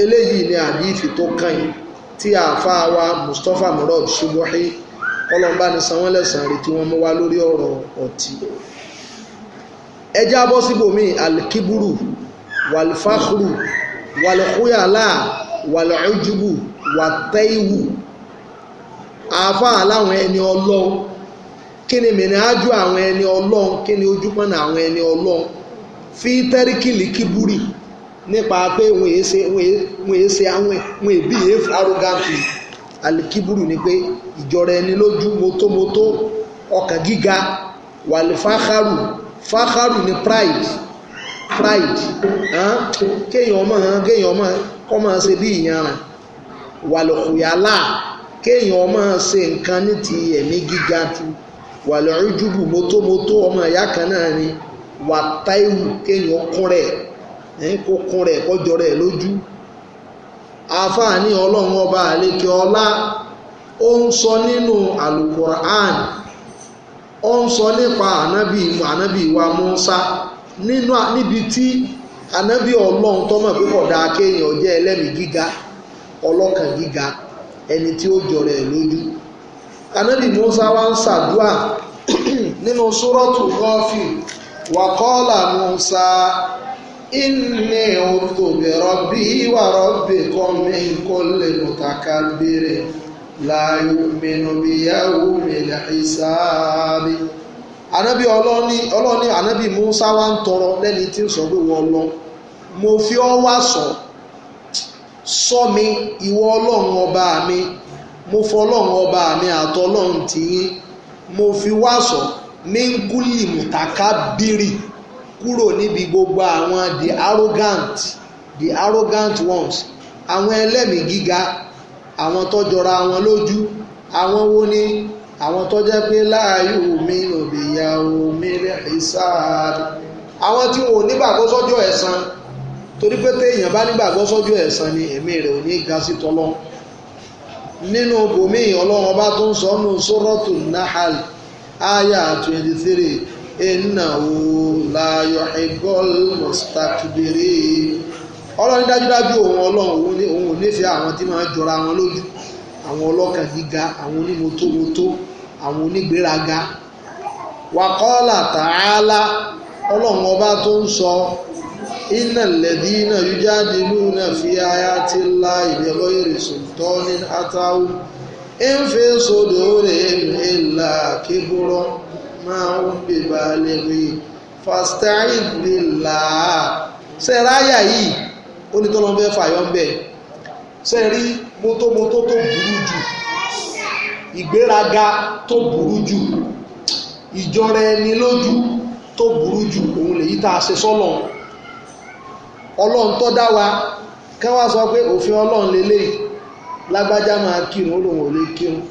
eléyìí ni àdífì tó kàn yín tí àáfàá wa Mustapha Murad Subuhi kọlọ́mbà ní sanwó lẹ́sàn-án rí tí wọ́n mú wá lórí ọ̀rọ̀ ọ̀tí ẹjẹ́ abọ́ síbòmí alikiburu walfahru walhuyala walhujubu wataiwu àáfàá láwọn ẹni ọlọ́run kí ni mìíràjú àwọn ẹni ọlọ́run kí ni ojúmọ́nà àwọn ẹni ọlọ́run fi tẹ́ríkìlì kíbúrì nípa pé wọ́n èé ṣe àwọn wọ́n alikíbúrì ni pé ìjọra ẹni lójú motomoto ọkàn gíga wàlẹ̀ fáhárù fáhárù ni pride pride kéèyàn ọmọ kéèyàn ọmọ kọ́ máa ṣe bí kéèyàn ọmọ ṣe nǹkan ní wàlẹ̀ ojúbù mótómótó ọmọ ìyá kan náà ni wà táìwù kéèyàn kún rẹ̀ ẹ̀yìn kó kún rẹ̀ kọjọ rẹ̀ lójú àfààní ọlọ́run ọba àlékè ọlá ó ń sọ nínú alukur'an ó ń sọ nípa ànábì ànábì wa Musa nínú níbi tí ànábì ọlọ́run tọ́mọ̀ dáa kéèyàn jẹ́ ẹlẹ́mìí ẹni tí ó jọ rẹ̀ anabi musa wa ń ṣàdúà nínú súrọ́tù gọ́ọ̀fì wà kọ́ọ̀là musa inni utu bi rabbi wa rabbikum min kulli mutakabbirin la yu'minu bi yawmil hisabi anabi ọlọ́ni ọlọ́ni anabi musa wa ń tọrọ lẹ́ni tí ń sọ pé wọ́n lọ mo fi ọ wá sọ sọ mi ìwọ ọlọ́run ọba mi. mo fọlọ́run ọba mi àtọlọ́run tiyín mo fi wá sọ minguli mutakabiri kúrò níbi gbogbo àwọn the arrogant the arrogant ones àwọn ẹlẹ́mìí gíga àwọn tó jọra àwọn lójú àwọn wo ni àwọn tó jẹ́ pé láàyò mi òbíyà omi rẹ̀ ìsáàdì àwọn tí wọn ò nígbàgbọ́ sọ́jọ́ ẹ̀san torí pé téèyàn bá nígbàgbọ́ sọ́jọ́ ẹ̀san ni ẹ̀mí rẹ̀ ò ní ga sí tọ́lọ́run nínú bòmí ọlọ́run ọba tó ń sọ nù sọ́rọ́tù nahal aya twenty three innahu la yuhibbul mustakbirin ọlọ́run dájúdájú òun ọlọ́run òun ò nífẹ̀ẹ́ àwọn tí máa ń jọra wọn lójú àwọn ọlọ́kàn gíga àwọn onímọ́tómọ́tó àwọn onígbéraga wàkọ́lá tààlà ọlọ́run ọba tó ń sọ iná lẹ́dí iná yújáde lúnà fi aya ti la ìdẹ́gbọ́ ìrìsùn tọ́ ní atáwù ń fi sódò rẹ̀ ńlá kíkúrọ́ máa ń bèbà lẹ́rí fasta'in billah sẹ́ráyà yìí ó ní tọ́lọ́ fẹ́ fàyọ́ bẹ̀ sẹ́rí mótómótó tó burú jù ìgbéraga tó burú jù ìjọra ẹni lójú tó burú jù òun lèyí tá a ṣe sọ́lọ́run ọlọ́run tó dá wa ká wá sọ pé òfin ọlọ́run lélẹ́yìí lágbájá máa kírun ó lòun ò lè kírun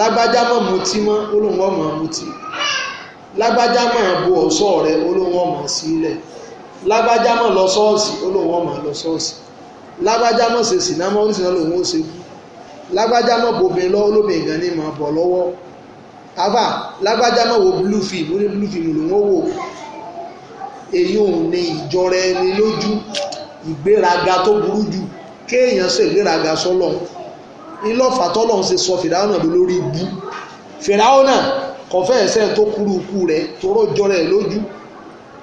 lágbájá mọ̀ mutí mọ́ ó lòun ò mọ̀ mutí lágbájá mọ̀ bu ọ̀ṣọ́ rẹ ó lòun ò mọ̀ sílẹ̀ lágbájá mọ̀ lọ ṣọ́ọ̀ṣì ó lòun ò mọ̀ lọ ṣọ́ọ̀ṣì lágbájá mọ̀ ṣe sìnà mọ́ oníṣìnà lòun ó ṣe kú lágbájá mọ̀ bòbin lọ olómi ìgàn ni mà bọ̀ lọ́wọ́ àbá lágbájá mọ̀ wo blue film ó ní blue film lòun ó wò èyí ò ní ìjọra ẹni lójú ìgbéraga tó burú jù kéèyàn ṣe ìgbéraga sọ́lọ̀ ńlọ́fà tọ́lọ̀ ń ṣe sọ fìdáhùn náà lórí ibú fìdáhùn náà kọ̀fẹ́ ẹ̀sẹ̀ tó kúrú ikú rẹ̀ tó rọ́jọ́ rẹ̀ lójú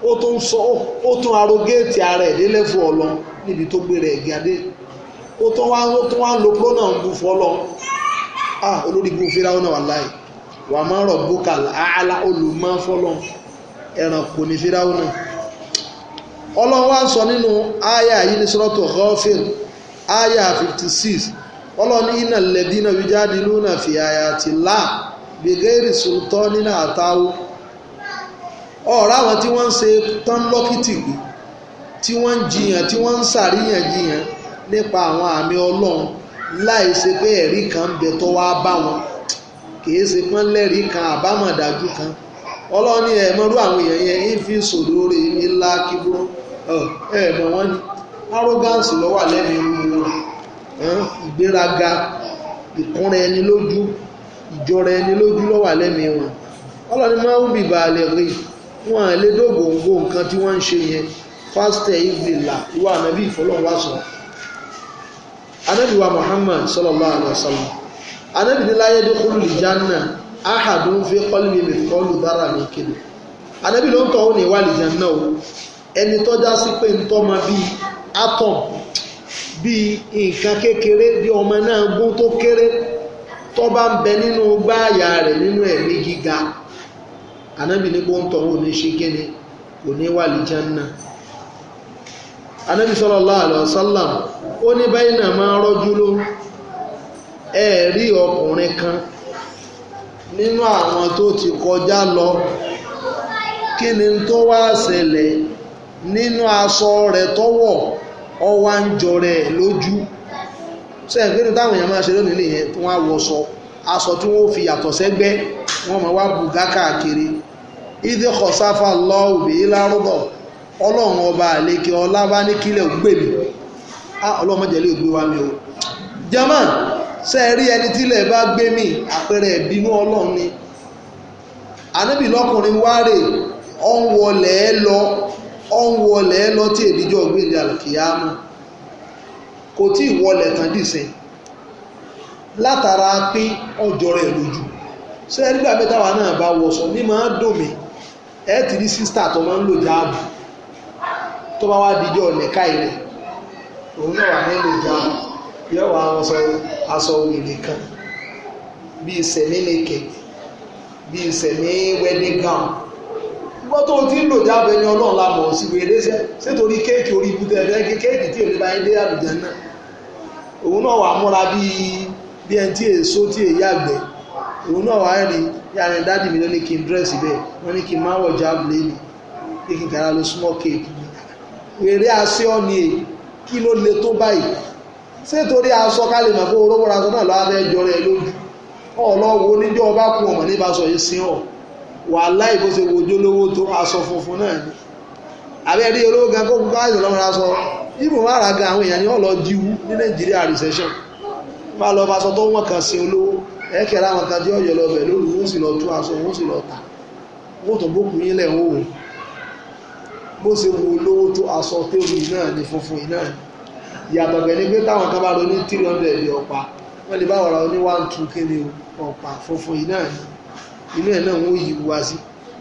ó tún sọ ó tún arogéètì ara ẹ̀ délẹ́fù ọlọ níbi tó gbé rẹ̀ gàdé ó tún wá ó tún wá ń lo pronoun bu fọlọ ah olórí ibú fìdáhùn náà wà láì wà má rọ̀ bókàlà àálá olùmọ́ fọlọ ẹ̀ràn kò ní fìdáhùn náà. ọlọ́run wá sọ nínú àyà yìí ní sọ́tò Ghafir àyà fifty ní iná lẹ́dí náà yujadiluna fi ayatillah bighairi sultanina atawu ọ̀rọ̀ àwọn tí wọ́n ń ṣe tán lọ́kìtì gbé tí wọ́n ń jiyàn tí wọ́n ń nípa àwọn àmì ọlọ́run láì ṣe pé ẹ̀rí kan ń bẹ tó wá bá wọn kan àbámọ̀dájú kan àwọn èèyàn yẹn ń fi ẹ mọ̀ wọ́n ní arrogance ló wà lẹ́nu irú wọn ìgbéraga ìkúnra ẹni lójú ìjọra ẹni lójú ló wà lẹ́nu wọn ọlọ́ni máa ń bìbà àlẹ́ rí wọn lè dógòǹgò nǹkan tí wọ́n ń ṣe yẹn fásitẹ̀ ìgbìlà ìwà ànábì ìfọlọ́wà sọ ànábì wa Muhammad sallallahu alaihi wasallam ànábì ní láyé dókòrò lìjánà áhàdùn fi kọ́lù mi mi kọ́lù dára mi kéde ànábì ló ń tọ́ òun ìwà lìjánà o ẹni tó já sí pé ń ma bíi atom bíi nǹkan kékeré bí ọmọ náà gún tó kéré bá ń bẹ nínú gbáàyà rẹ̀ nínú ẹ̀mí gíga anábì ní kó ń tọ́ òun ṣe kéde kò wà lí jánnà anábì sallallahu alaihi wasallam ó ní báyìí kan nínú àwọn tó ti kọjá lọ kí ni tó wá ṣẹlẹ̀ nínú aṣọ rẹ̀ tọ́wọ̀ ọwá ń jọ rẹ̀ lójú sẹ́ẹ̀kínú táwọn èèyàn máa ṣe lónìí nìyẹn tí wọ́n á wọṣọ aṣọ tí wọ́n fi yàtọ̀ sẹ́gbẹ́ wọ́n máa wá bùgá káàkiri ìdí kọ̀sáfà lọ́wọ́ bìí lárúbọ̀ ọlọ́run ọba àlekè ọlá bá ní kílẹ̀ gbèmí ọlọ́run jẹ̀lé ògbé wa mi o jama sẹ́ẹ̀rí ẹni tílẹ̀ bá gbé mi àpẹẹrẹ ìbínú ọlọ́run ni ànábì lọ́kùnrin wárè ọ̀nwọlẹ̀ lọ ọ ń wọlé lọ́tí èdíjọ́ ọ̀gbìnrin àlùkìyàmù kò tí ì wọlé tán dìsìn látara pé ọjọ́ rẹ̀ lójú ṣé nígbà mẹ́ta wà náà bá wọṣọ ní máa dùn mí ẹ ti rí sísítà tó máa ń lò jáàbù tó bá wá díjọ́ ọ̀lẹ́ka ìrẹ̀ òun náà wà nílò jáàbù yóò wá aṣọ aṣọ kan bíi bíi wedding wọ́n tó ti ń lò jábẹ́ ní ọlọ́run lábọ̀ òsì wèrè ṣẹ́ sétorí kéèkì orí ibùdó ẹ̀fẹ́ kéèkì tí èmi bá yín dé àlùjẹ́ náà òun náà wà múra bíi bí ẹni tí èso tí èyí àgbẹ̀ òun náà wà rìn yàrá dáàdì mi kí n dírẹ́sì bẹ́ẹ̀ wọ́n ní kí n wọ̀ lo small cake mi wèrè aṣọ kí le tó báyìí aṣọ orówó wàhálà ìbò ṣe wojú olówó tó aṣọ funfun náà ni àbẹ́ rí olówó gan kó kúkú àìsàn lọ́mọdé aṣọ ibò wà rà gan àwọn èèyàn ni wọ́n lọ jíwú ní nàìjíríà recession má lọ bá aṣọ tó wọ́n kàn sí olówó ẹ̀kẹ́rẹ́ àwọn kan tí ó yọ lọ́bẹ̀ lóru wọ́n sì lọ tú aṣọ wọ́n sì lọ tà wọ́n tó bókù yín lẹ̀ ń wò bó ṣe wo olówó tó aṣọ tẹ́lu náà ni funfun náà yàtọ̀ bẹ̀ ni pé táwọn kan bá ronú three hundred ọ̀pá wọ́n lè bá wàrà oní one two kéde ọ̀pá funfun náà ni inú ẹ̀ náà wọ́n yí wa sí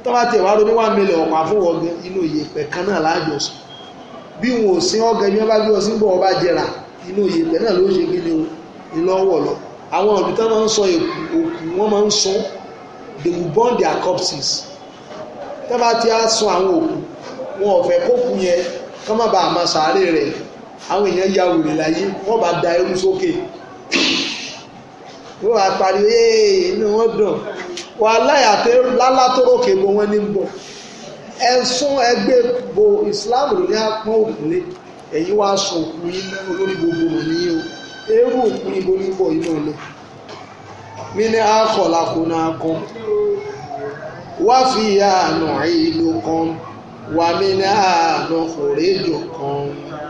tọ́ba tiẹ̀ wá ronú one million ọ̀pá fún ọ̀gẹ́ inú ìyẹ̀pẹ̀ kan náà láàjọ sùn bí wọn ò sí ọ̀gẹ́ ni wọ́n bá gbé ọ sí bọ̀ ọba jẹrà inú ìyẹ̀pẹ̀ náà ló ṣe gbélé o ìlọ́wọ̀ lọ àwọn òbítán máa ń sọ òkú wọn máa ń sọ they will burn their corpses tọ́ba ti á sọ àwọn òkú wọn ò fẹ́ kókù yẹn kọ́ má bàa máa sàárè rẹ̀ àwọn èèyàn ya wèrè láyé wọ́n bá da irú sókè wọ́n bá pariwo inú wọn dùn wàhálà àti lálátòrókè bó wọn ní bọ̀ ẹ̀sùn ẹgbẹ́ bo Islam ní apọ́n òkúlé ẹ̀yìn wàá sọ òkú yín olórí gbogbo mọ̀ ní o eérú òkú yín ní bọ̀ yín lọ. mi ní wá fi kan wà mí ní àánú kòrèjò kan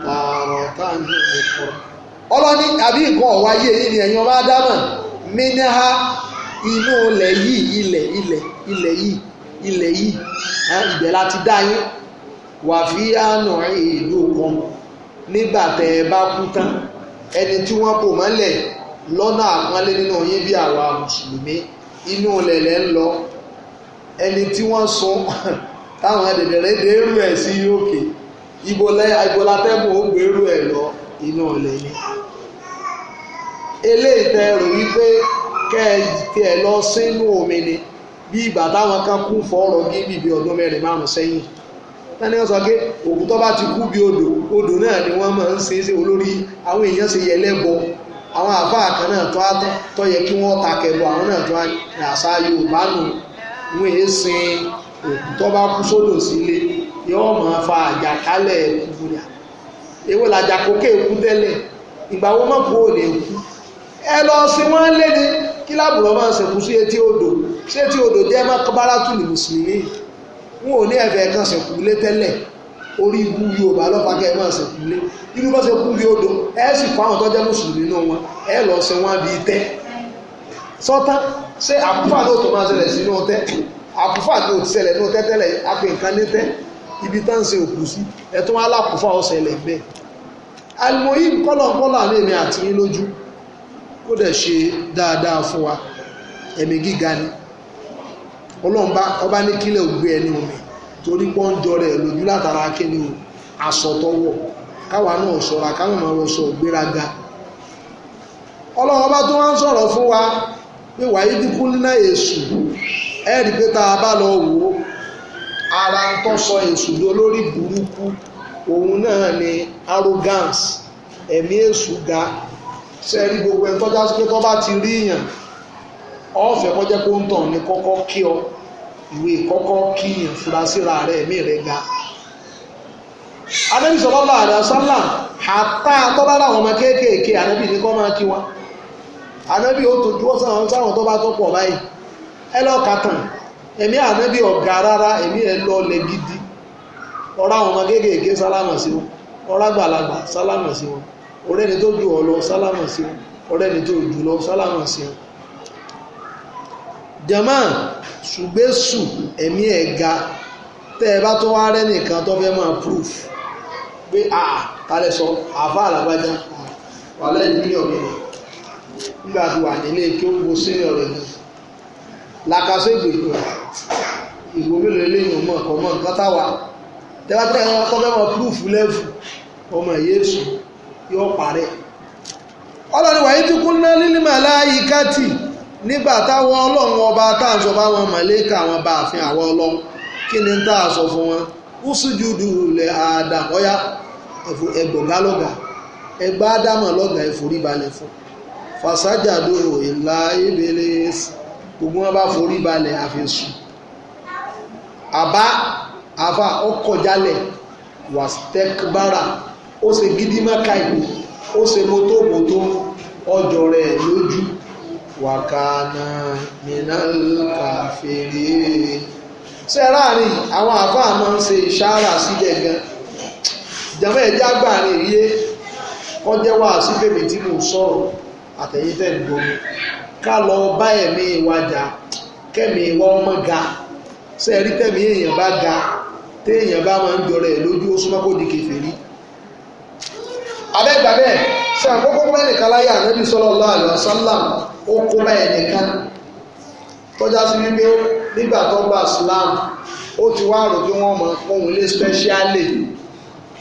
tààrọ̀ táàmì ìkọ́. ọlọ́ni àbí ọ̀wáyé yìí ni ẹ̀yin ọba mí ní ha. inú ilẹ̀ yìí ilẹ̀ ilẹ̀ ilẹ̀ yìí ilẹ̀ yìí ibẹ̀ láti dá yín wà fi àánú ìlú kan nígbà tẹ́ ẹ bá kú tán ẹni tí wọ́n pò mọ́lẹ̀ lọ́nà àpọ́nlé nínú yín bí àwa mùsùlùmí inú ilẹ̀ lẹ́ ń lọ ẹni tí wọ́n sun táwọn ẹ̀dẹ̀dẹ̀rẹ̀ dé rú ẹ̀ sí òkè ibola tẹ́gùn ó gbèrú ẹ̀ lọ inú ilẹ̀ ni eléyìí tẹ́ rò wípé kẹ́ ẹ fi ẹ lọ sínú omi ni bí ìgbà táwọn kan kú fọ́ọ̀rọ̀ gí bìbí ọdún mẹ́rin márùn sẹ́yìn tani sọ pé òkú ti kú bí odò odò náà ni wọ́n máa ń ṣe é olórí àwọn èèyàn ṣe yẹ lẹ́bọ àwọn yẹ kí wọ́n ta kẹ̀bọ àwọn náà tó àṣà Yorùbá nù wọ́n èé sin fa àjàkálẹ̀ kú tẹ́lẹ̀ ìgbà wo kú ò lè kí lábùrọ̀ máa sìnkú sí etí odò sí etí odò jẹ́ mọ́kànbáràtù ní mùsùlùmí wọn ò ní ẹ̀fẹ̀ kan sìnkú lé tẹ́lẹ̀ orí ibú yorùbá lọ́fà kẹ́ ẹ máa sìnkú lé irú bá ṣe kú bí odò ẹ sì fún àwọn tó jẹ́ mùsùlùmí nínú wọn ẹ lọ sí wọn bíi tẹ́ sọ́tá ṣé àkúfà náà tó máa ṣẹlẹ̀ sínú tẹ́ àkúfà tó ti ṣẹlẹ̀ nínú tẹ́ tẹ́lẹ̀ apè nǹkan ní tẹ́ ibi tá ń ṣe òkú sí ẹ̀tún alákùfà ọ̀sẹ̀ lẹ̀ bẹ́ẹ̀ alimoyi kọ́lọ̀ kọ́lọ̀ àmì èmi àti yín lójú ó dẹ̀ ṣe dáadáa fún wa ẹ̀mí gíga ni ọba ní kílẹ̀ ògbé ẹni omi torí pọ́ńjọ rẹ̀ lójú látara kíni o àsọtọ́wọ̀ káwa náà ṣọ́ra káwọn máa lọ sọ gbéraga ọlọ́run tó ń sọ̀rọ̀ wa pé wàyí dínkù èṣù ara ń tọ́ sọ èṣù olórí burúkú òun náà arrogance ẹ̀mí èṣù ga ṣe rí gbogbo ẹni tọ́já sí pé tọ́ bá ti rí èèyàn ọ̀fẹ́ kọjá pé ń tàn ní kọ́kọ́ kí ọ ìwé kọ́kọ́ kí fura síra rẹ̀ rẹ̀ ga. anábì sọlọ́lá àdásánlá àtà tọ́lá làwọn ọmọ kéékèèké anábì ní kọ́ máa kí wọn anábì ó tójú ọ́ sáwọn sáwọn tó bá tó pọ̀ báyìí ẹ lọ kàtàn ẹ̀mí anábì ọ̀gá rárá ẹ̀mí ẹ̀ lọ lẹ gidi ọ̀rá àwọn ọmọ kéékèèké sálámà sí wọn ọ̀rẹ́ ni tó jù ọ lọ sálámà sí ọ̀rẹ́ ni tó jù lọ sálámà sí jama ṣùgbẹ́sù ẹ̀mí ẹ̀ ga tẹ́ ẹ bá tó wá rẹ́ nìkan tó fẹ́ máa proof pé à tálẹ̀ sọ àfa àlàbájá wà lẹ́yìn mílíọ̀nù rẹ̀ nígbà tí wà nílé kí ó gbó sínú ọ̀rẹ́ náà làkàṣe gbègbè ìwò mélòó eléyìí ọmọ ọmọ nǹkan táwa tẹ́ bá tẹ́ ẹ ọmọ ìyẹ́sù yóò parẹ́ ọlọ́ni wàyí tí kún náà lílì màláyíká tì nígbà táwọn ọlọ́run ọba táàsọ bá wọn màlẹ́kà àwọn bá àfin àwọn ọlọ́run kí ni táàsọ fún wọn ó síjú dùlẹ̀ àdàmọ́yá ẹgbọ̀gá lọ́gà ẹgbà ádámọ̀ lọ́gà ìforíbalẹ̀ fún fàṣájàdó ìlà ìbẹ̀rẹ̀ gbogbo wọn bá foríbalẹ̀ àfẹ́sùn àbá àfa ọkọ̀jálẹ̀ wàstẹ́kbára o ṣe gidi mẹ́ka yìí ó ṣe mọ́tòmọ́tò ọjọ́ rẹ̀ lójú wàkàna ṣe láàrin àwọn àfáà máa ń ṣe ìṣára síbẹ̀ gan ìjàmbá ẹ̀jẹ̀ agbárin yé kọjá wá sí bèbè tí mo sọ̀rọ̀ àtẹ̀yìn tẹ̀ ń gbomi ká lọ bá ẹ̀mí ìwájà kẹ́mi ga ṣe rí tẹ̀mí èèyàn bá ga téèyàn bá máa ń lójú ó súnmọ́ abẹ́gbà bẹ́ẹ̀ ṣe àkókò bá ẹnìkan láyé ànábì sallallahu alaihi wasallam ó kó bá ẹnìkan tọ́já sí wípé nígbà tó gba Islam ó ti wá rò pé wọ́n ohun ilé spẹ́ṣíálì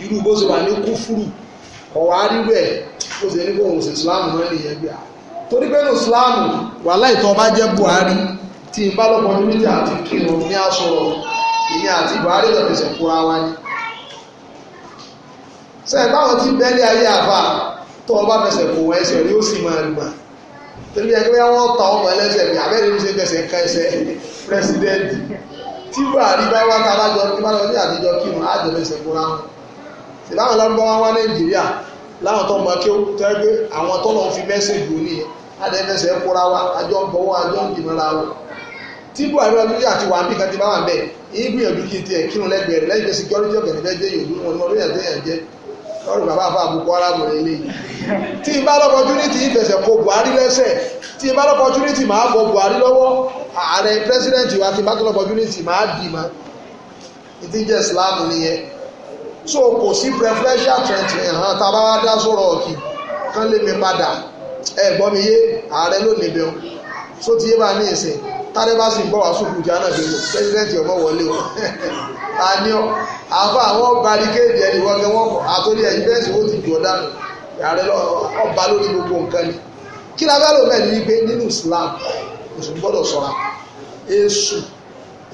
irú bó ṣe wà ní kúfúrú ọ̀wá rírú ó sì ní kó òun Buhari tí ìbálòpọ̀ níbi tí kírun ní aṣọ Buhari sẹ́yìn báwọn ti bẹ́lẹ̀ ayé àfà tó ọba fẹsẹ̀ kò wọ́n ẹsẹ̀ ni ó sì máa gbà torí ẹgbẹ́ wọn ta ọmọ ẹlẹ́sẹ̀ ní abẹ́rẹ́ ṣe fẹsẹ̀ ká ẹsẹ̀ pírẹsidẹ́ǹtì tí buhari bá wá ká lájọ kí bá lọ ní àtijọ́ kí wọn àjọ fẹsẹ̀ kó ra wọn ṣèbáwọn lọ́gbọ́n wá wá nàìjíríà láwọn tó mọ kí ó tẹ́gbẹ́ àwọn tó lọ́n fi mẹ́sẹ̀gì òní yẹn adẹ́fẹsẹ̀ kóra wa àjọ ń bọ̀wọ́ àjọ ń lórí àti wàmí kan ti bá wà bẹ́ẹ̀ ìgbìyànjú kí n tiẹ̀ kírun lẹ́gbẹ̀ẹ́ lẹ́gbẹ̀ẹ́ security ọ̀gẹ̀dẹ̀ fẹ́ jẹ́ yòówù wọn ni wọn lóyè àtẹ̀yẹ̀ lọ́rùn bàbá àfa àbùkù arábò lélẹ̀ tí n bá lọ́pọ̀túnìtì ìfẹsẹ̀ kó Buhari lẹ́sẹ̀ tí n bá lọ́pọ̀túnìtì máa bọ̀ Buhari lọ́wọ́ ààrẹ pírẹsidẹ́ǹtì wa tí n bá tó lọ́pọ̀túnìtì máa dì má ìdí jẹ́ Islam nìyẹn so kò sí preferential trend hàn tá a bá wá dá sọ̀rọ̀ ọ̀kì kán lé mi padà ẹ̀ gbọ́ mi yé ààrẹ ló níbẹ̀ o so ti yé bá ní ìsìn tádé bá sì ń bọ̀ wá sókùn jẹ́ ànàbí pẹ́sidẹ́ǹtì ọmọ wọlé àní àfa àwọn barricade ẹni wọ́n gẹ́ wọ́n kọ̀ àtòrí ẹ̀yìn bẹ́ẹ̀ sì wọ́n ti jù ọ́ dànù ààrẹ ọba lórí gbogbo nǹkan ni kí la bẹ́ẹ̀ lò bẹ́ẹ̀ ní gbé nínú Islam oṣù gbọ́dọ̀ sọ̀ra èṣù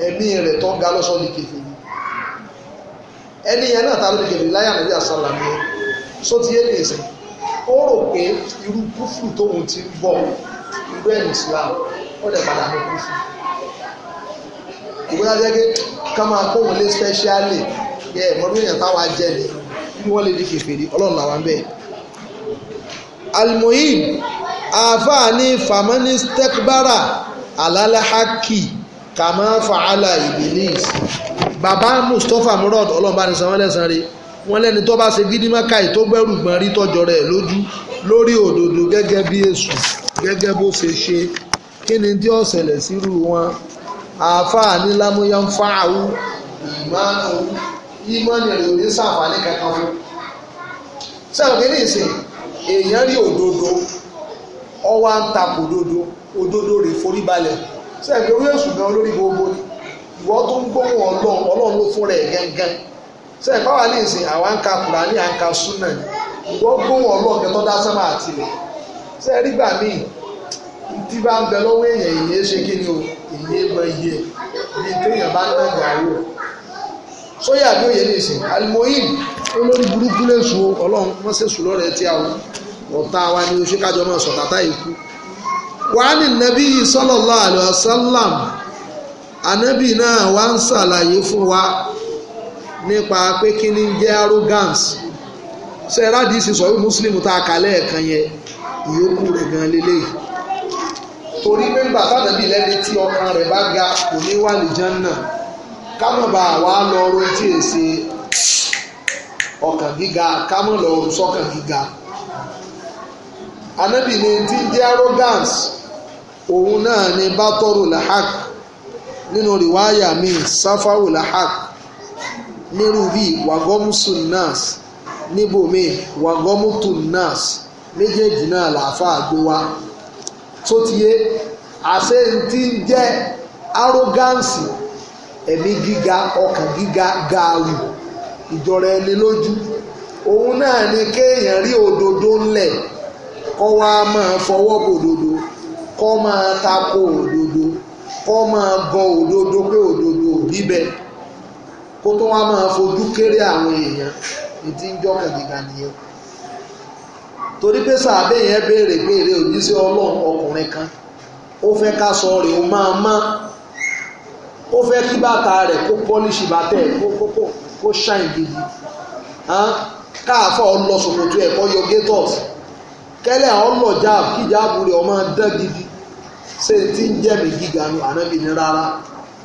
ẹ̀mí rẹ̀ tó ga lọ́sọ̀ ní kẹfẹ́ ni ẹni yẹn náà ta ló ní kẹfẹ́ láyà nàbí àsálà ni ẹ sọ ti yé ní ìsìn ó rò pé irú kúfù tóun ti ń bọ̀ irú ẹ̀ ní Islam ó dẹ̀ padà mú kú sí ìgbóná jẹ́ pé ká máa kó wọn lé spẹ́ṣíálì yẹ mọ́dún èèyàn táwa jẹ́ ni bí wọ́n lè di kèfèrí ọlọ́run làwọn bẹ́ẹ̀. almuhim àfààní famani stekbara alalahaki kàmá fàálà ibilis Baba mustapha murad ọlọ́run bá ní sanwó lẹ́sàn-án rẹ̀ wọ́n lẹ́ni tó bá ṣe gídímákàì tó gbẹ́rù gbọ́n rí tọ́jọ́ rẹ̀ lójú lórí òdodo gẹ́gẹ́ bí èṣù gẹ́gẹ́ bó ṣe ṣe kí ni tí ó ṣẹlẹ̀ sírú wọn àáfàá ní lámúyá ń fa àwú ìmánu ìmọ̀nì rẹ̀ ò ní sàǹfààní kankan fún sẹ́wọ̀n kí ní ìsìn èèyàn rí òdodo ọwọ́ à ń takò òdodo òdodo rẹ̀ forí balẹ̀ sẹ́wọ̀n kí orí èṣù gan olórí gbogbo ni ìwọ tó ń gbóhùn ọlọ́run ọlọ́run ló fún rẹ̀ gángan sẹ́wọ̀n káwa ní ìsìn àwa ń ka Kùránì à ń ka súnà ìwọ gbóhùn ọlọ́run kẹtọ́ dá sẹ́mà àtìlẹ̀ sẹ́ẹ̀rígbà míì tí bá ń bẹ lọ́wọ́ èèyàn èèyàn ṣe kí ni o èèyàn mọ iye bí téèyàn bá ń ná ìyàwó sóyà bí òye lè ṣe alimoyin olórí burúkú lè sùn o ọlọ́run wọ́n ṣe sùn lọ́rẹ̀ tí a wọ ọ̀tá wa ni oṣù kájọ máa sọ tàtà ikú wàhánì nàbí sallallahu alaihi wasallam ànábì náà wá ń ṣàlàyé fún wa nípa pé kí ni jẹ́ arrogance ṣe rádìí sì sọ wí Muslim tá a kà lẹ́ẹ̀kan yẹn ìyókù rẹ̀ gan lélẹ́yìí torí pé nígbà lẹ́ni tí ọkàn rẹ̀ bá ga kò ní wà ní jẹ́nà kámọ̀bà wà lọ tí ṣe ọkàn gíga kámọ̀ sọ́kàn gíga anábì ni ti jẹ́ arrogance òun náà ni bátọ́rù làhák nínú rìwáyà mi sáfáwù làhák nírú wàgọ́mùsù wàgọ́mùtù méjèèjì náà tó ti yé àṣẹ ti ń jẹ́ arrogancy ẹ̀mí gíga ọkàn gíga gààrù ìjọra ẹni lójú òun náà ni kéèyàn rí òdodo ńlẹ̀ kọ́ wa máa fọwọ́ bòdodo kọ́ máa tako òdodo kọ́ máa gọ òdodo pé òdodo ò níbẹ̀ kó tó wá máa fojú kéré àwọn èèyàn ètí ń jọ́ kàgìgà nìyẹn torí pé sàbẹ̀ yẹn béèrè pé èrè òjíṣẹ́ ọlọ́run ọkùnrin kan ó fẹ ká sọ rẹ̀ ó máa má ó fẹ kí bàtà rẹ̀ kó pọ́líṣì bàtà ẹ̀ kó kó kó ṣáìn gidi káàfọ̀ lọ sòkòtò ẹ̀kọ́ yọ gators kẹ́lẹ́ ọlọ jáàbù kí jáàbù rẹ̀ ọmọ dán gidi ṣé ti ń jẹ̀mí gíga nu ànábì ní rárá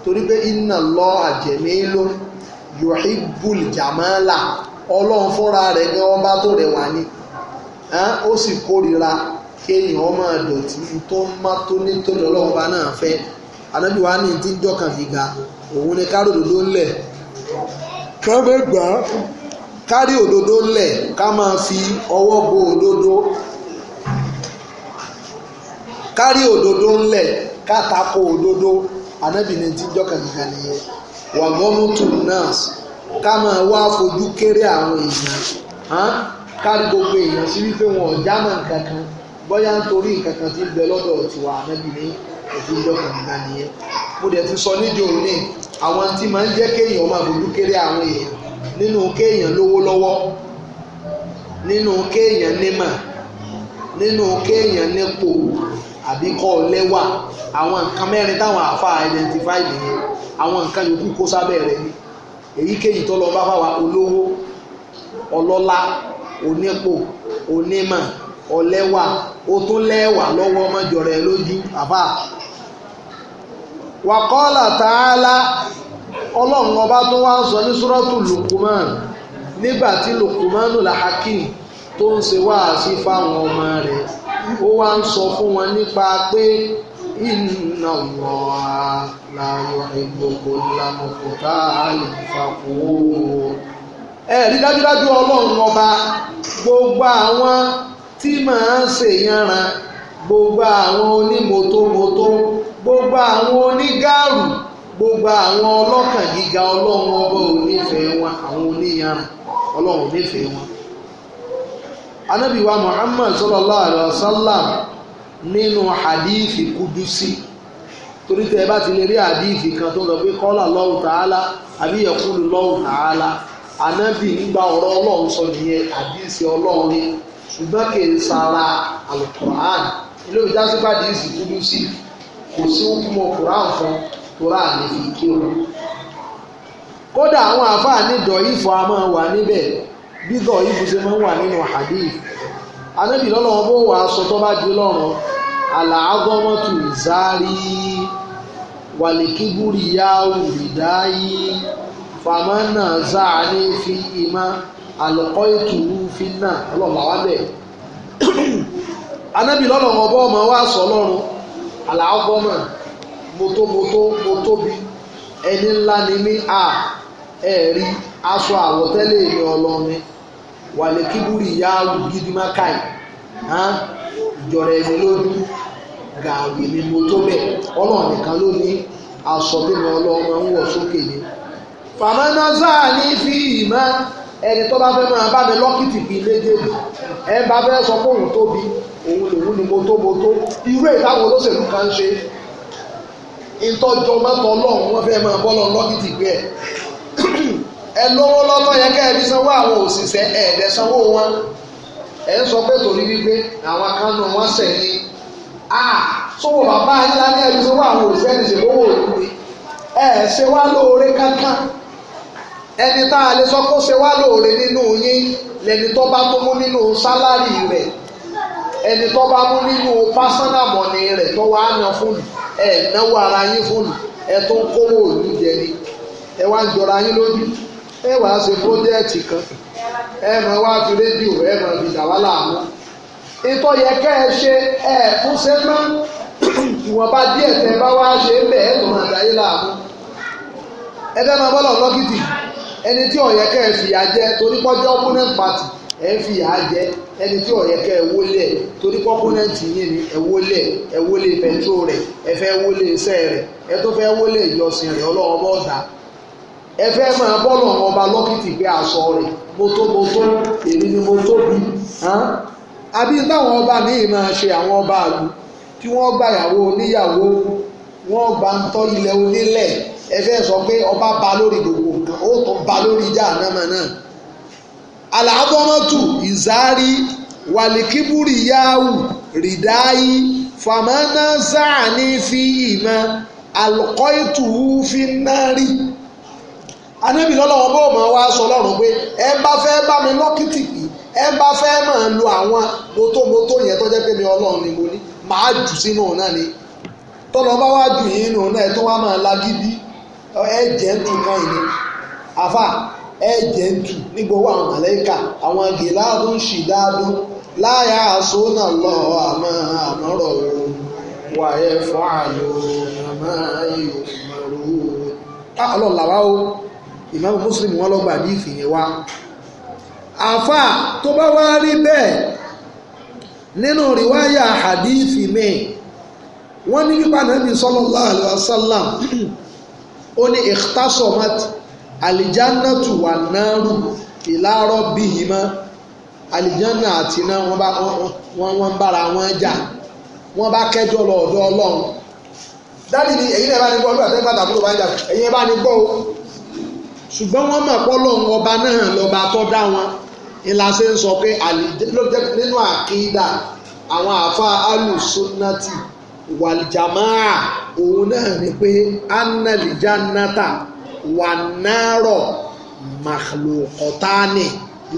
torí pé iná lọ àjẹmí ló yọ̀hí bùl jàmálà ọlọ́run fúnra rẹ̀ ní ọba tó rẹwà ni. ó sì si kéèyàn máa dọ̀tí tó má tónítóní ọlọ́run bá náà fẹ́ anábì wa ní ti ń jọkàn fìgà òun ni kárí òdodo ńlẹ̀ ká fẹ́ gbà á kárí ká máa fi ọwọ́ bo òdodo kárí òdodo ńlẹ̀ ká tako òdodo anábì ní ti ń jọkàn fìgà nìyẹn wàgọ́nù tù náà ká máa wá fojú kéré kárí gbogbo èèyàn sí wípé wọn ò jámọ̀ nǹkan kan bóyá nítorí nǹkan kan ti ń bẹ lọ́dọ̀ tiwa ànábì ní ẹ̀sìn ìjọkàn nígbà nìyẹn mo dẹ̀ ti sọ níjọ́ òní àwọn tí máa ń jẹ́ kéèyàn máa bójú kéré àwọn èèyàn nínú kéèyàn lówó lọ́wọ́ nínú kéèyàn nímọ̀ nínú kéèyàn nípò àbí kọ́ lẹ́wà àwọn nǹkan mẹ́rin táwọn àáfàá identify nìyẹn àwọn nǹkan yòókù kó sábẹ́ rẹ̀ ni èyíkéyìí tó lọ bá fáwa olówó ọlọ́lá onípò onímọ̀ ọlẹ́wà ó tún lẹ́wà lọ́wọ́ mọ́jọ rẹ̀ lójú àbá. wàkọ́lá tààlà ọlọ́run ọba tó wá ń sọ ní súrọ́tù lukuman nígbà tí lukumanu lahakim tó ń ṣe wáàsí fáwọn ọmọ rẹ̀ ó wá ń sọ fún wọn nípa pé inna Allaha la yuhibbu kulla mukhtalin fakhur. ẹ̀rí dájúdájú ọlọ́run ọba gbogbo àwọn tí màá ń gbogbo àwọn onímọ́tómọ́tó gbogbo àwọn onígáàrù gbogbo àwọn ọlọ́kàn gíga ọlọ́run ọba onífẹ̀ẹ́ wọn àwọn oníyanran ọlọ́run onífẹ̀ẹ́ wọn. anábìwá muhammad sallallahu alayhi wa sallam nínú hadithi kudusi torí tẹ́ ẹ bá ti lè rí hadithi kan tó lọ pé kọ́lá Allahu ta'ala àbí yaqulu Allahu ta'ala. Anabi, ń gba ọ̀rọ̀ ọlọ́run sọ nìyẹn àdìsí ọlọ́run ni ṣùgbọ́n kì í sara alukur'an ilé ìjà sí pàdé ìsì kúdú sí kò sí hukumu kur'an fún fi kí o. kódà àwọn àfáà ní dọ̀yìfọ̀ a máa wà níbẹ̀ bí dọ̀yìfọ̀ ṣe máa wà nínú lọ́lọ́wọ́ bó sọ tó bá di lọ́rùn fàmánà záàní za a fi ìtùrú fi náà ọlọ́mọ wa bẹ̀. anábì lọ́lọ́ ọba ọmọ wa sọ lọ́run àlàáfọ́mà mọ́tòmọ́tò mọ́tòbi ẹni ńlá ni mí à ẹ̀ rí aṣọ àwọ̀tẹ́lẹ̀ mi ọlọ́mi wàlẹ̀ kíbúrì yá gidimákàì ìjọra ẹni lójú gàwé ni mo tó bẹ̀ nìkan ló ní aṣọ bí mi ọlọ́mọ ń wọ̀ sókè ni. fàmánà sáà ní fi ìmọ̀ ẹni tó bá fẹ́ máa bá mi lọ́kìtì bíi léjèèjì ẹ bá fẹ́ sọ pé òun tóbi òun lòun ni mo tó mo tó irú ìdáwọ̀ olóṣèlú kan ṣe ìtọ́jọ́ mọ́tò ọlọ́run wọ́n fẹ́ máa bọ́ lọ lọ́kìtì gbé ẹ̀ ẹ lówó lọ́tọ́ yẹ kẹ́ ẹ fi sanwó àwọn òṣìṣẹ́ ẹ̀ẹ́dẹ̀ sanwó wọn ẹ ń sọ pé torí wípé àwọn akánú wọn sẹ̀ ni a sọ́wọ́ bàbá ńlá ní ẹ fi sanwó àwọn òṣìṣẹ́ ẹ̀ ṣe wá lóore kankan ẹni tá a lè sọ kó ṣe wá lóore nínú yín lẹni tó bá tó mú nínú sálárì rẹ̀ ẹni tó bá mú nínú pásánà mọ̀nì rẹ̀ tó wàá ná fóònù ẹ̀ náwó ara yín fóònù ẹ̀ tó ń kówó òlù jẹ ẹ wá ń jọra yín lójú ẹ wàá ṣe pọ́jẹ́ẹ̀tì kan ẹ máa wá fi rédíò ẹ máa fi dà wá ìtọ́ yẹ kẹ́ ẹ ṣe ẹ fún ṣe ìwọ̀nba díẹ̀ tẹ́ bá wá ṣe ń bẹ̀ ẹ̀ tó máa dà yín láàmú ẹ fẹ́ máa bọ́ lọ́ọ́ lọ́kìtì ẹni tí ọ̀yẹ́ kẹ́ ẹ fìyà jẹ torí pọ́jọ́ opponent party ẹ̀ ń fìyà jẹ ẹni tí ọ̀yẹ́ kẹ́ ẹ wólẹ̀ torí opponent yìí ni ẹ wólẹ̀ ẹ wólẹ̀ pẹ̀tró rẹ̀ ẹ fẹ́ wólẹ̀ iṣẹ́ rẹ̀ ẹ tó fẹ́ wólẹ̀ ìjọsìn rẹ̀ ọlọ́wọ́ bọ́ dà ẹ fẹ́ máa bọ́ọ̀lù ọmọ ọba lọ́kìtì pé aṣọ rẹ̀ mọ́tòmọ́tò èmi ni mo tóbi àbí táwọn ọba míì máa ṣe àwọn ọba àlù tí wọ́n gbàyàwó oníyàwó wọ́n gbà ń tọ́ ilẹ̀ onílẹ̀ ẹ fẹ́ sọ pé ọba ba lórí gbogbo nǹkan ó tún ba lórí jahannama náà alaadọ́mọ́tù ìzárí wàlíkíbúrì yahoo rìdáyì fàmánà záàní fi ìmọ̀ alùkọ́ìtù fi nárì anábì lọ́lọ́wọ́ bó mọ̀ wá sọ lọ́rùn pé ẹ bá fẹ́ bá mi lọ́kìtì pì ẹ bá fẹ́ máa lo àwọn mọ́tòmọ́tò yẹn tọ́jẹ́ pé mi ọlọ́run ni mo ní màá jù sínú náà ni tọ́lọ́ bá wá jù yín nù náà ẹ tó wá máa lagídí ẹ̀jẹ̀ ní nǹkan ìní àfà ẹ̀jẹ̀ ń tù nígbòwó àwọn màlẹ́kà àwọn gèláàdó ń ṣì dáadó láyà àsónà lọ àmọ́ àmọ́rọ̀ òun wàyẹ̀ fún àlò àmọ́ ìmọ̀rò òun. káàlọ́ làwa o ìmáàmù mùsùlùmí wọn lọ́gbà bí ìfìyẹn wa. àfà tó bá wá rí bẹ́ẹ̀ nínú rìwáyà hadithi mi wọ́n ní nípa nàbì sallallahu alaihi ó ní ìtàsọ̀mọ́t àlìjánátù wà náírù ìlàrọ̀ bíyì mọ́ àlìjánà àti iná wọ́n wọ́n bára wọn jà wọ́n bá kẹ́jọ́ lọ ọ̀dọ̀ ọlọ́run dáàbì ni èyí náà bá ní gbọ́ nígbà tẹ́lifà tàbí ló bá ń jà èyí bá ní gbọ́ o ṣùgbọ́n wọ́n mọ̀ pọ́ lọ́run ọba náà lọ́ba tọ́ dá wọn ìlàsẹ̀ ń sọ pé àlìjánà nínú àkídà àwọn àfa alùsùnátì wàlìjàmáà òun náà ni pé annalijanata wànárọ̀ màlúkọ̀tánì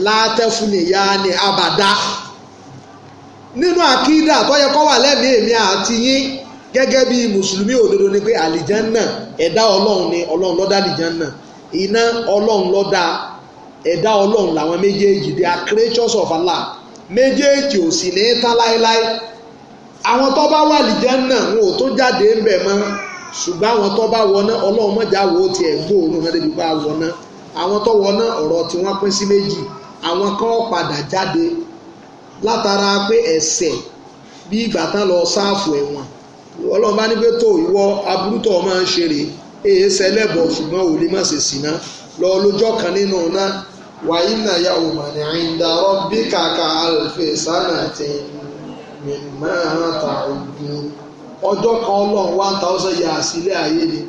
látẹ́fúnìyáni abàdá nínú àkídà tó yẹ kó wà lẹ́mìí èmi àti yín gẹ́gẹ́ bí mùsùlùmí òdodo ni pé àlìjánà ẹ̀dá ọlọ́run ni ọlọ́run ló dá àlìjánà iná ọlọ́run ló ẹ̀dá ọlọ́run làwọn méjèèjì they are creatures of Allah méjèèjì ò sì ní àwọn tó bá wà lìjẹ́ náà wọn ò tó jáde ń bẹ̀ mọ́ ṣùgbọ́n àwọn tó bá wọná ọlọ́run mọ̀já wo tiẹ̀ gbóòórùn náà débi bá wọná àwọn tó wọná ọ̀rọ̀ tí wọ́n pín sí méjì àwọn kan padà jáde látara pé ẹ̀ṣẹ̀ bí ìgbà tán lọ sáàfù ẹ̀wọ̀n ọlọ́run bá ní pé tó ìwọ aburútọ̀ máa ń ṣeré èyí ṣẹlẹ́bọ̀ ṣùgbọ́n ò má ṣe sí náà lọ lójọ́ kan nínú náà wàyí náà yà òmànì àyìndà rọ́bì kàkà àlùfẹ́ sánà tẹ̀yìn mímọ́ ọjọ́ kan ọlọ́run one thousand years ilé ayé ni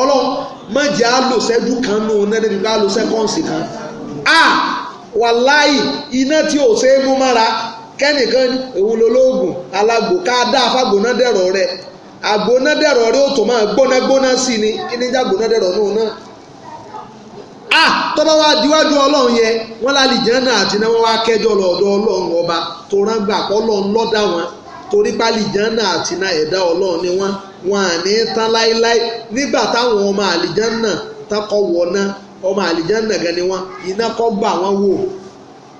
ọlọ́run kan nù nẹ́ẹ̀dẹ́ nípa kan a wàláì iná tí ò ṣe é mú mára kẹ́nìkan òun lolóògùn alágbò ká dá afágbóná dẹ̀rọ̀ rẹ̀ àgbóná dẹ̀rọ̀ ni kí ah tọ́ba wa diwájú ọlọ́run yẹ wọ́n lálẹ́ ìjánà àti náà wọ́n wá kẹjọ lọ́dọ̀ ọlọ́run ọba tó rán gbà pọ́ lọ́n lọ́dà wọn torí pálí ìjánà àti náà ẹ̀dá ọlọ́run ni wọ́n wọn à ní tán láéláé nígbà táwọn ọmọ àlìjánà takọ wọ̀ná ọmọ àlìjánà gan ni wọ́n iná kọ́ gbà wọ́n wò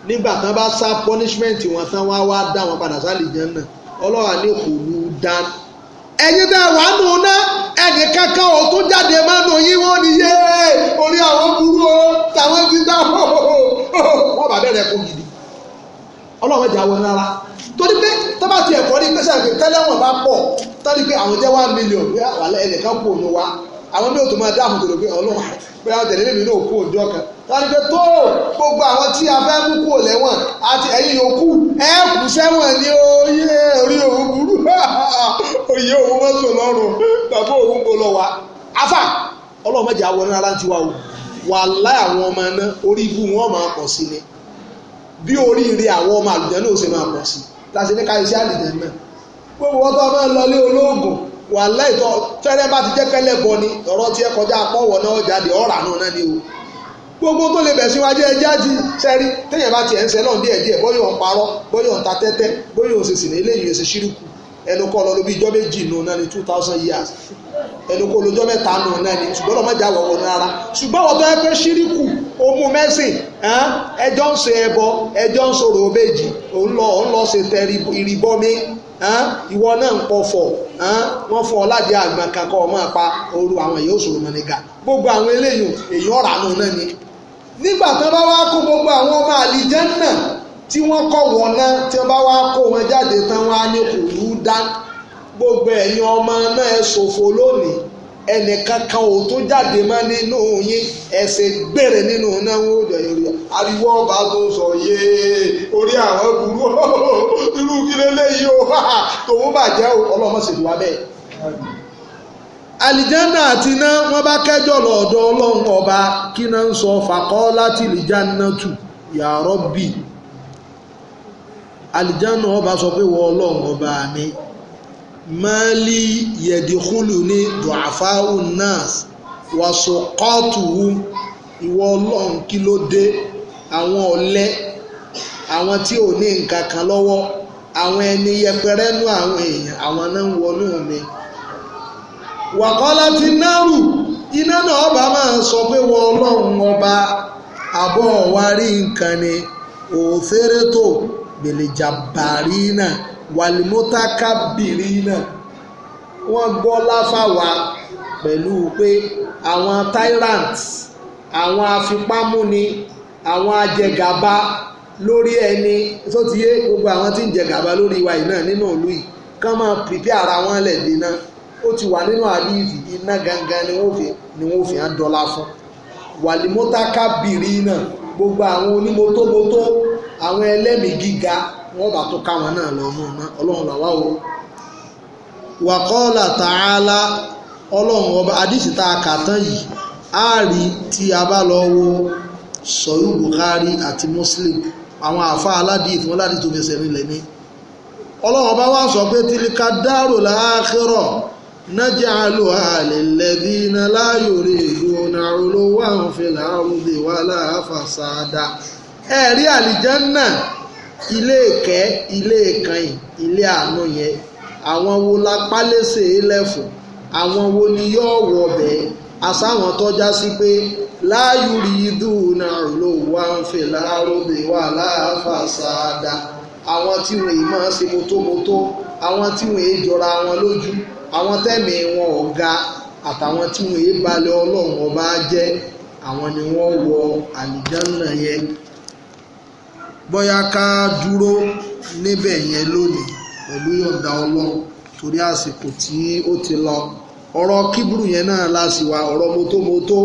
nígbà tán bá sá punishment wọn tán wá wá dá wọn padà sálìjánà ọlọ́run àní kò lù ú dáná ẹ̀yin tẹ́ wàá nù ná ẹnì kankan ò tún jáde mẹ́nu yín wọ́n ní yé orí àwọn burú o tàwọn ti dá wọ́n bá bẹ̀rẹ̀ kó gidi ọlọ́run ẹ̀jẹ̀ àwọn rárá torí pé tọ́ba ti ẹ̀kọ́ ní pẹ́sẹ́ àgbẹ̀ tẹ́lẹ̀wọ̀n bá pọ̀ tọ́ni pé àwọn jẹ́ one million bí wàhálà ẹnì kan kú òun wa àwọn bí o tó máa dáhùn tó lò pé ọlọ́run pé àwọn tẹ̀lé mi náà kú òjọ́ kan wọ́n gbé tó gbogbo àwọn tí a fẹ́ mú kúrò lẹ́wọ̀n àti ẹ̀yin yòókù ẹ kù sẹ́wọ̀n ní oyè orí òun burú oyè òun mọ́tò lọ́rùn bàbá òun kò lọ wá. afa ọlọ́run mẹ́jẹ̀ àwọn ọ̀nà aláǹtí wa o wà láì àwọn ọmọ ẹ̀ná orí ibú wọn máa pọ̀ sí ni bí oríire àwọn ọmọ àlùjẹ́ náà ṣe máa pọ̀ sí láti ní ká iṣẹ́ àlùjẹ́ náà gbogbo wọn tó máa ń lọlé olóògùn wà láì tọ́ fẹ́rẹ́ bá ti jẹ́ pẹ́lẹ́ bọ ni ọ̀rọ̀ tiẹ̀ kọjá apọ̀wọ̀ náà jáde ọ̀rà náà náà ni o gbogbo tó lè bẹ̀ síwájú ẹjẹ́ àti sẹ́rí téèyàn bá tiẹ̀ ń sẹ́ náà díẹ̀ díẹ̀ bóyá òun parọ́ bóyá òun ta tẹ́tẹ́ bóyá òun ṣèṣìn eléyìí ṣe ṣírùkù ẹnu kọ́ lọ lóbi ìjọ méjì nù náà ní two thousand years ẹnu kọ́ lójọ́ mẹ́ta nù náà ní ṣùgbọ́n ọmọ ìjà wọ̀wọ̀ rárá ṣùgbọ́n wọ́n tó yẹ pé ṣírìkù ọmú mẹ́sìn ẹjọ́ ń ṣe ẹbọ ẹjọ́ ń ṣòro òbejì òun lọ òun lọ ṣe tẹ ìrìbọmi ìwọ náà ń pọfọ̀ wọ́n fọ ọ̀làdì àgbà kankan ọmọ apá ooru àwọn èèyàn mọ̀nìgà gbogbo àwọn eléyìí èèyàn ọ̀rà nù náà ni nígbà tán bá wá kó gbogbo àwọn ọmọ àlìjẹ́nà tí wọ́n kọ̀ wọ́n náà tí wọ́n bá wá kó wọn jáde tán wọ́n á ní kò rú dá gbogbo ẹ̀yin ọmọ náà ẹ ṣòfò lónìí ẹnìkankan ò tó jáde mọ́ nínú yín ẹsẹ̀ gbèrè nínú náà wọ́n jọ yorùbá ariwo ọba tó sọ yéé orí àwọn burú irú kí lélẹ́yìí o tòun bàjẹ́ ọlọ́mọ sì fi wá bẹ́ẹ̀ àlìjánà àti iná wọ́n bá kẹ́jọ́ lọ ọ̀dọ̀ ọlọ́run ọba kí náà ń sọ fàkọ́ láti lìjánà tù ya Rabbi àlìjánà ọba sọ pé wọ́n ọlọ́run ọba mi máàlì yẹ̀dìkúlù ní dùáfáù nas wàsókọ́tùwù ìwọ ọlọ́run kí ló dé àwọn ọ̀lẹ àwọn tí ò ní nǹkan kan lọ́wọ́ àwọn ẹni yẹpẹrẹ nú àwọn èèyàn àwọn náà ń wọnú mi wàkọ́lá ti náàrù iná náà ọba máa sọ pé wọ́n ọlọ́run ọba àbọ̀ wárí nǹkan ni òfèrè tó gbèlèjà bàrí náà wàlímọ́tàkà bìrí náà wọ́n gbọ́ láfàwà pẹ̀lú pé àwọn tyrants àwọn afipámúni àwọn ajẹgàba lórí ẹni tó ti yé gbogbo àwọn tí ń jẹgàba lórí wa yìí náà nínú ìlú yìí kán máa pìpì ara wọn lẹ̀ dínà ó ti wà nínú àdìsí iná gangan ni wọ́n fi ni wọ́n fi hàn dọ́là fún wàlímọ́tàkà bìrì náà gbogbo àwọn onímọ́tómọ́tó àwọn ẹlẹ́mìí gíga wọ́n bá tó káwọn náà lọ mú un ọlọ́run làwa o wàkọ́ọ̀là tààlà ọlọ́run ọba àdìsí tá a kà tán yìí á rí tí a bá lọ wo sọ̀rọ̀ Bukhari àti Muslim àwọn àfa aládìí tí wọ́n tó fẹsẹ̀ nílẹ̀ ní ọlọ́run ọba wá sọ pé tìlíkà dárò láàkérò نجعلها للذين لا يريدون علوا في الأرض ولا فسادا ẹ̀rí àlìjánná ilé ìkẹ́ ilé ìkànnì ilé àánú yẹn àwọn wo la pálẹ́sẹ̀ ẹlẹ́fọ̀ àwọn wo ni yóò wọ̀ bẹ́ẹ̀ àsáwọn tọ́já sí pé láàyò rí dùnà ló wà ń fè láàrúbẹ̀ wà láàfàṣàdà àwọn tí wọ́n yìí máa ń ṣe mọ́tòmọ́tò àwọn tí wọ́n èé jọra wọn lójú àwọn tẹ́mi wọn ọ̀gá àtàwọn tí wọ́n èé balẹ̀ ọlọ́run ọba jẹ́ àwọn ni wọ́n wọ àlìjánà yẹn bóyá ká dúró níbẹ̀ yẹn lónìí pẹ̀lú yọ̀ǹda ọlọ́run torí àsìkò tí ó ti lọ ọ̀rọ̀ kíbrù yẹn náà la sì wá ọ̀rọ̀ mótómótó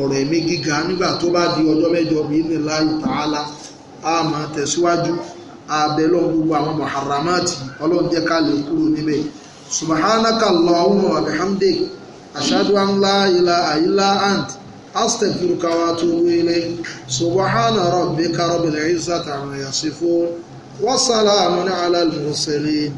ọ̀rọ̀ ẹ̀mí gíga nígbà tó bá di ọjọ́ mẹ́jọ bíi nílá ìtàhálà a tẹ̀síwájú abẹ́lọ́ gbogbo àwọn muharramati ọlọ́run jẹ́ ká lè kúrò níbẹ̀ subhanaka allahumma wa bihamdik ashhadu an la ilaha illa ant astaghfiruka wa atubu ilayk subhana rabbika rabbil izzati amma yasifun wa salamun ala al mursalin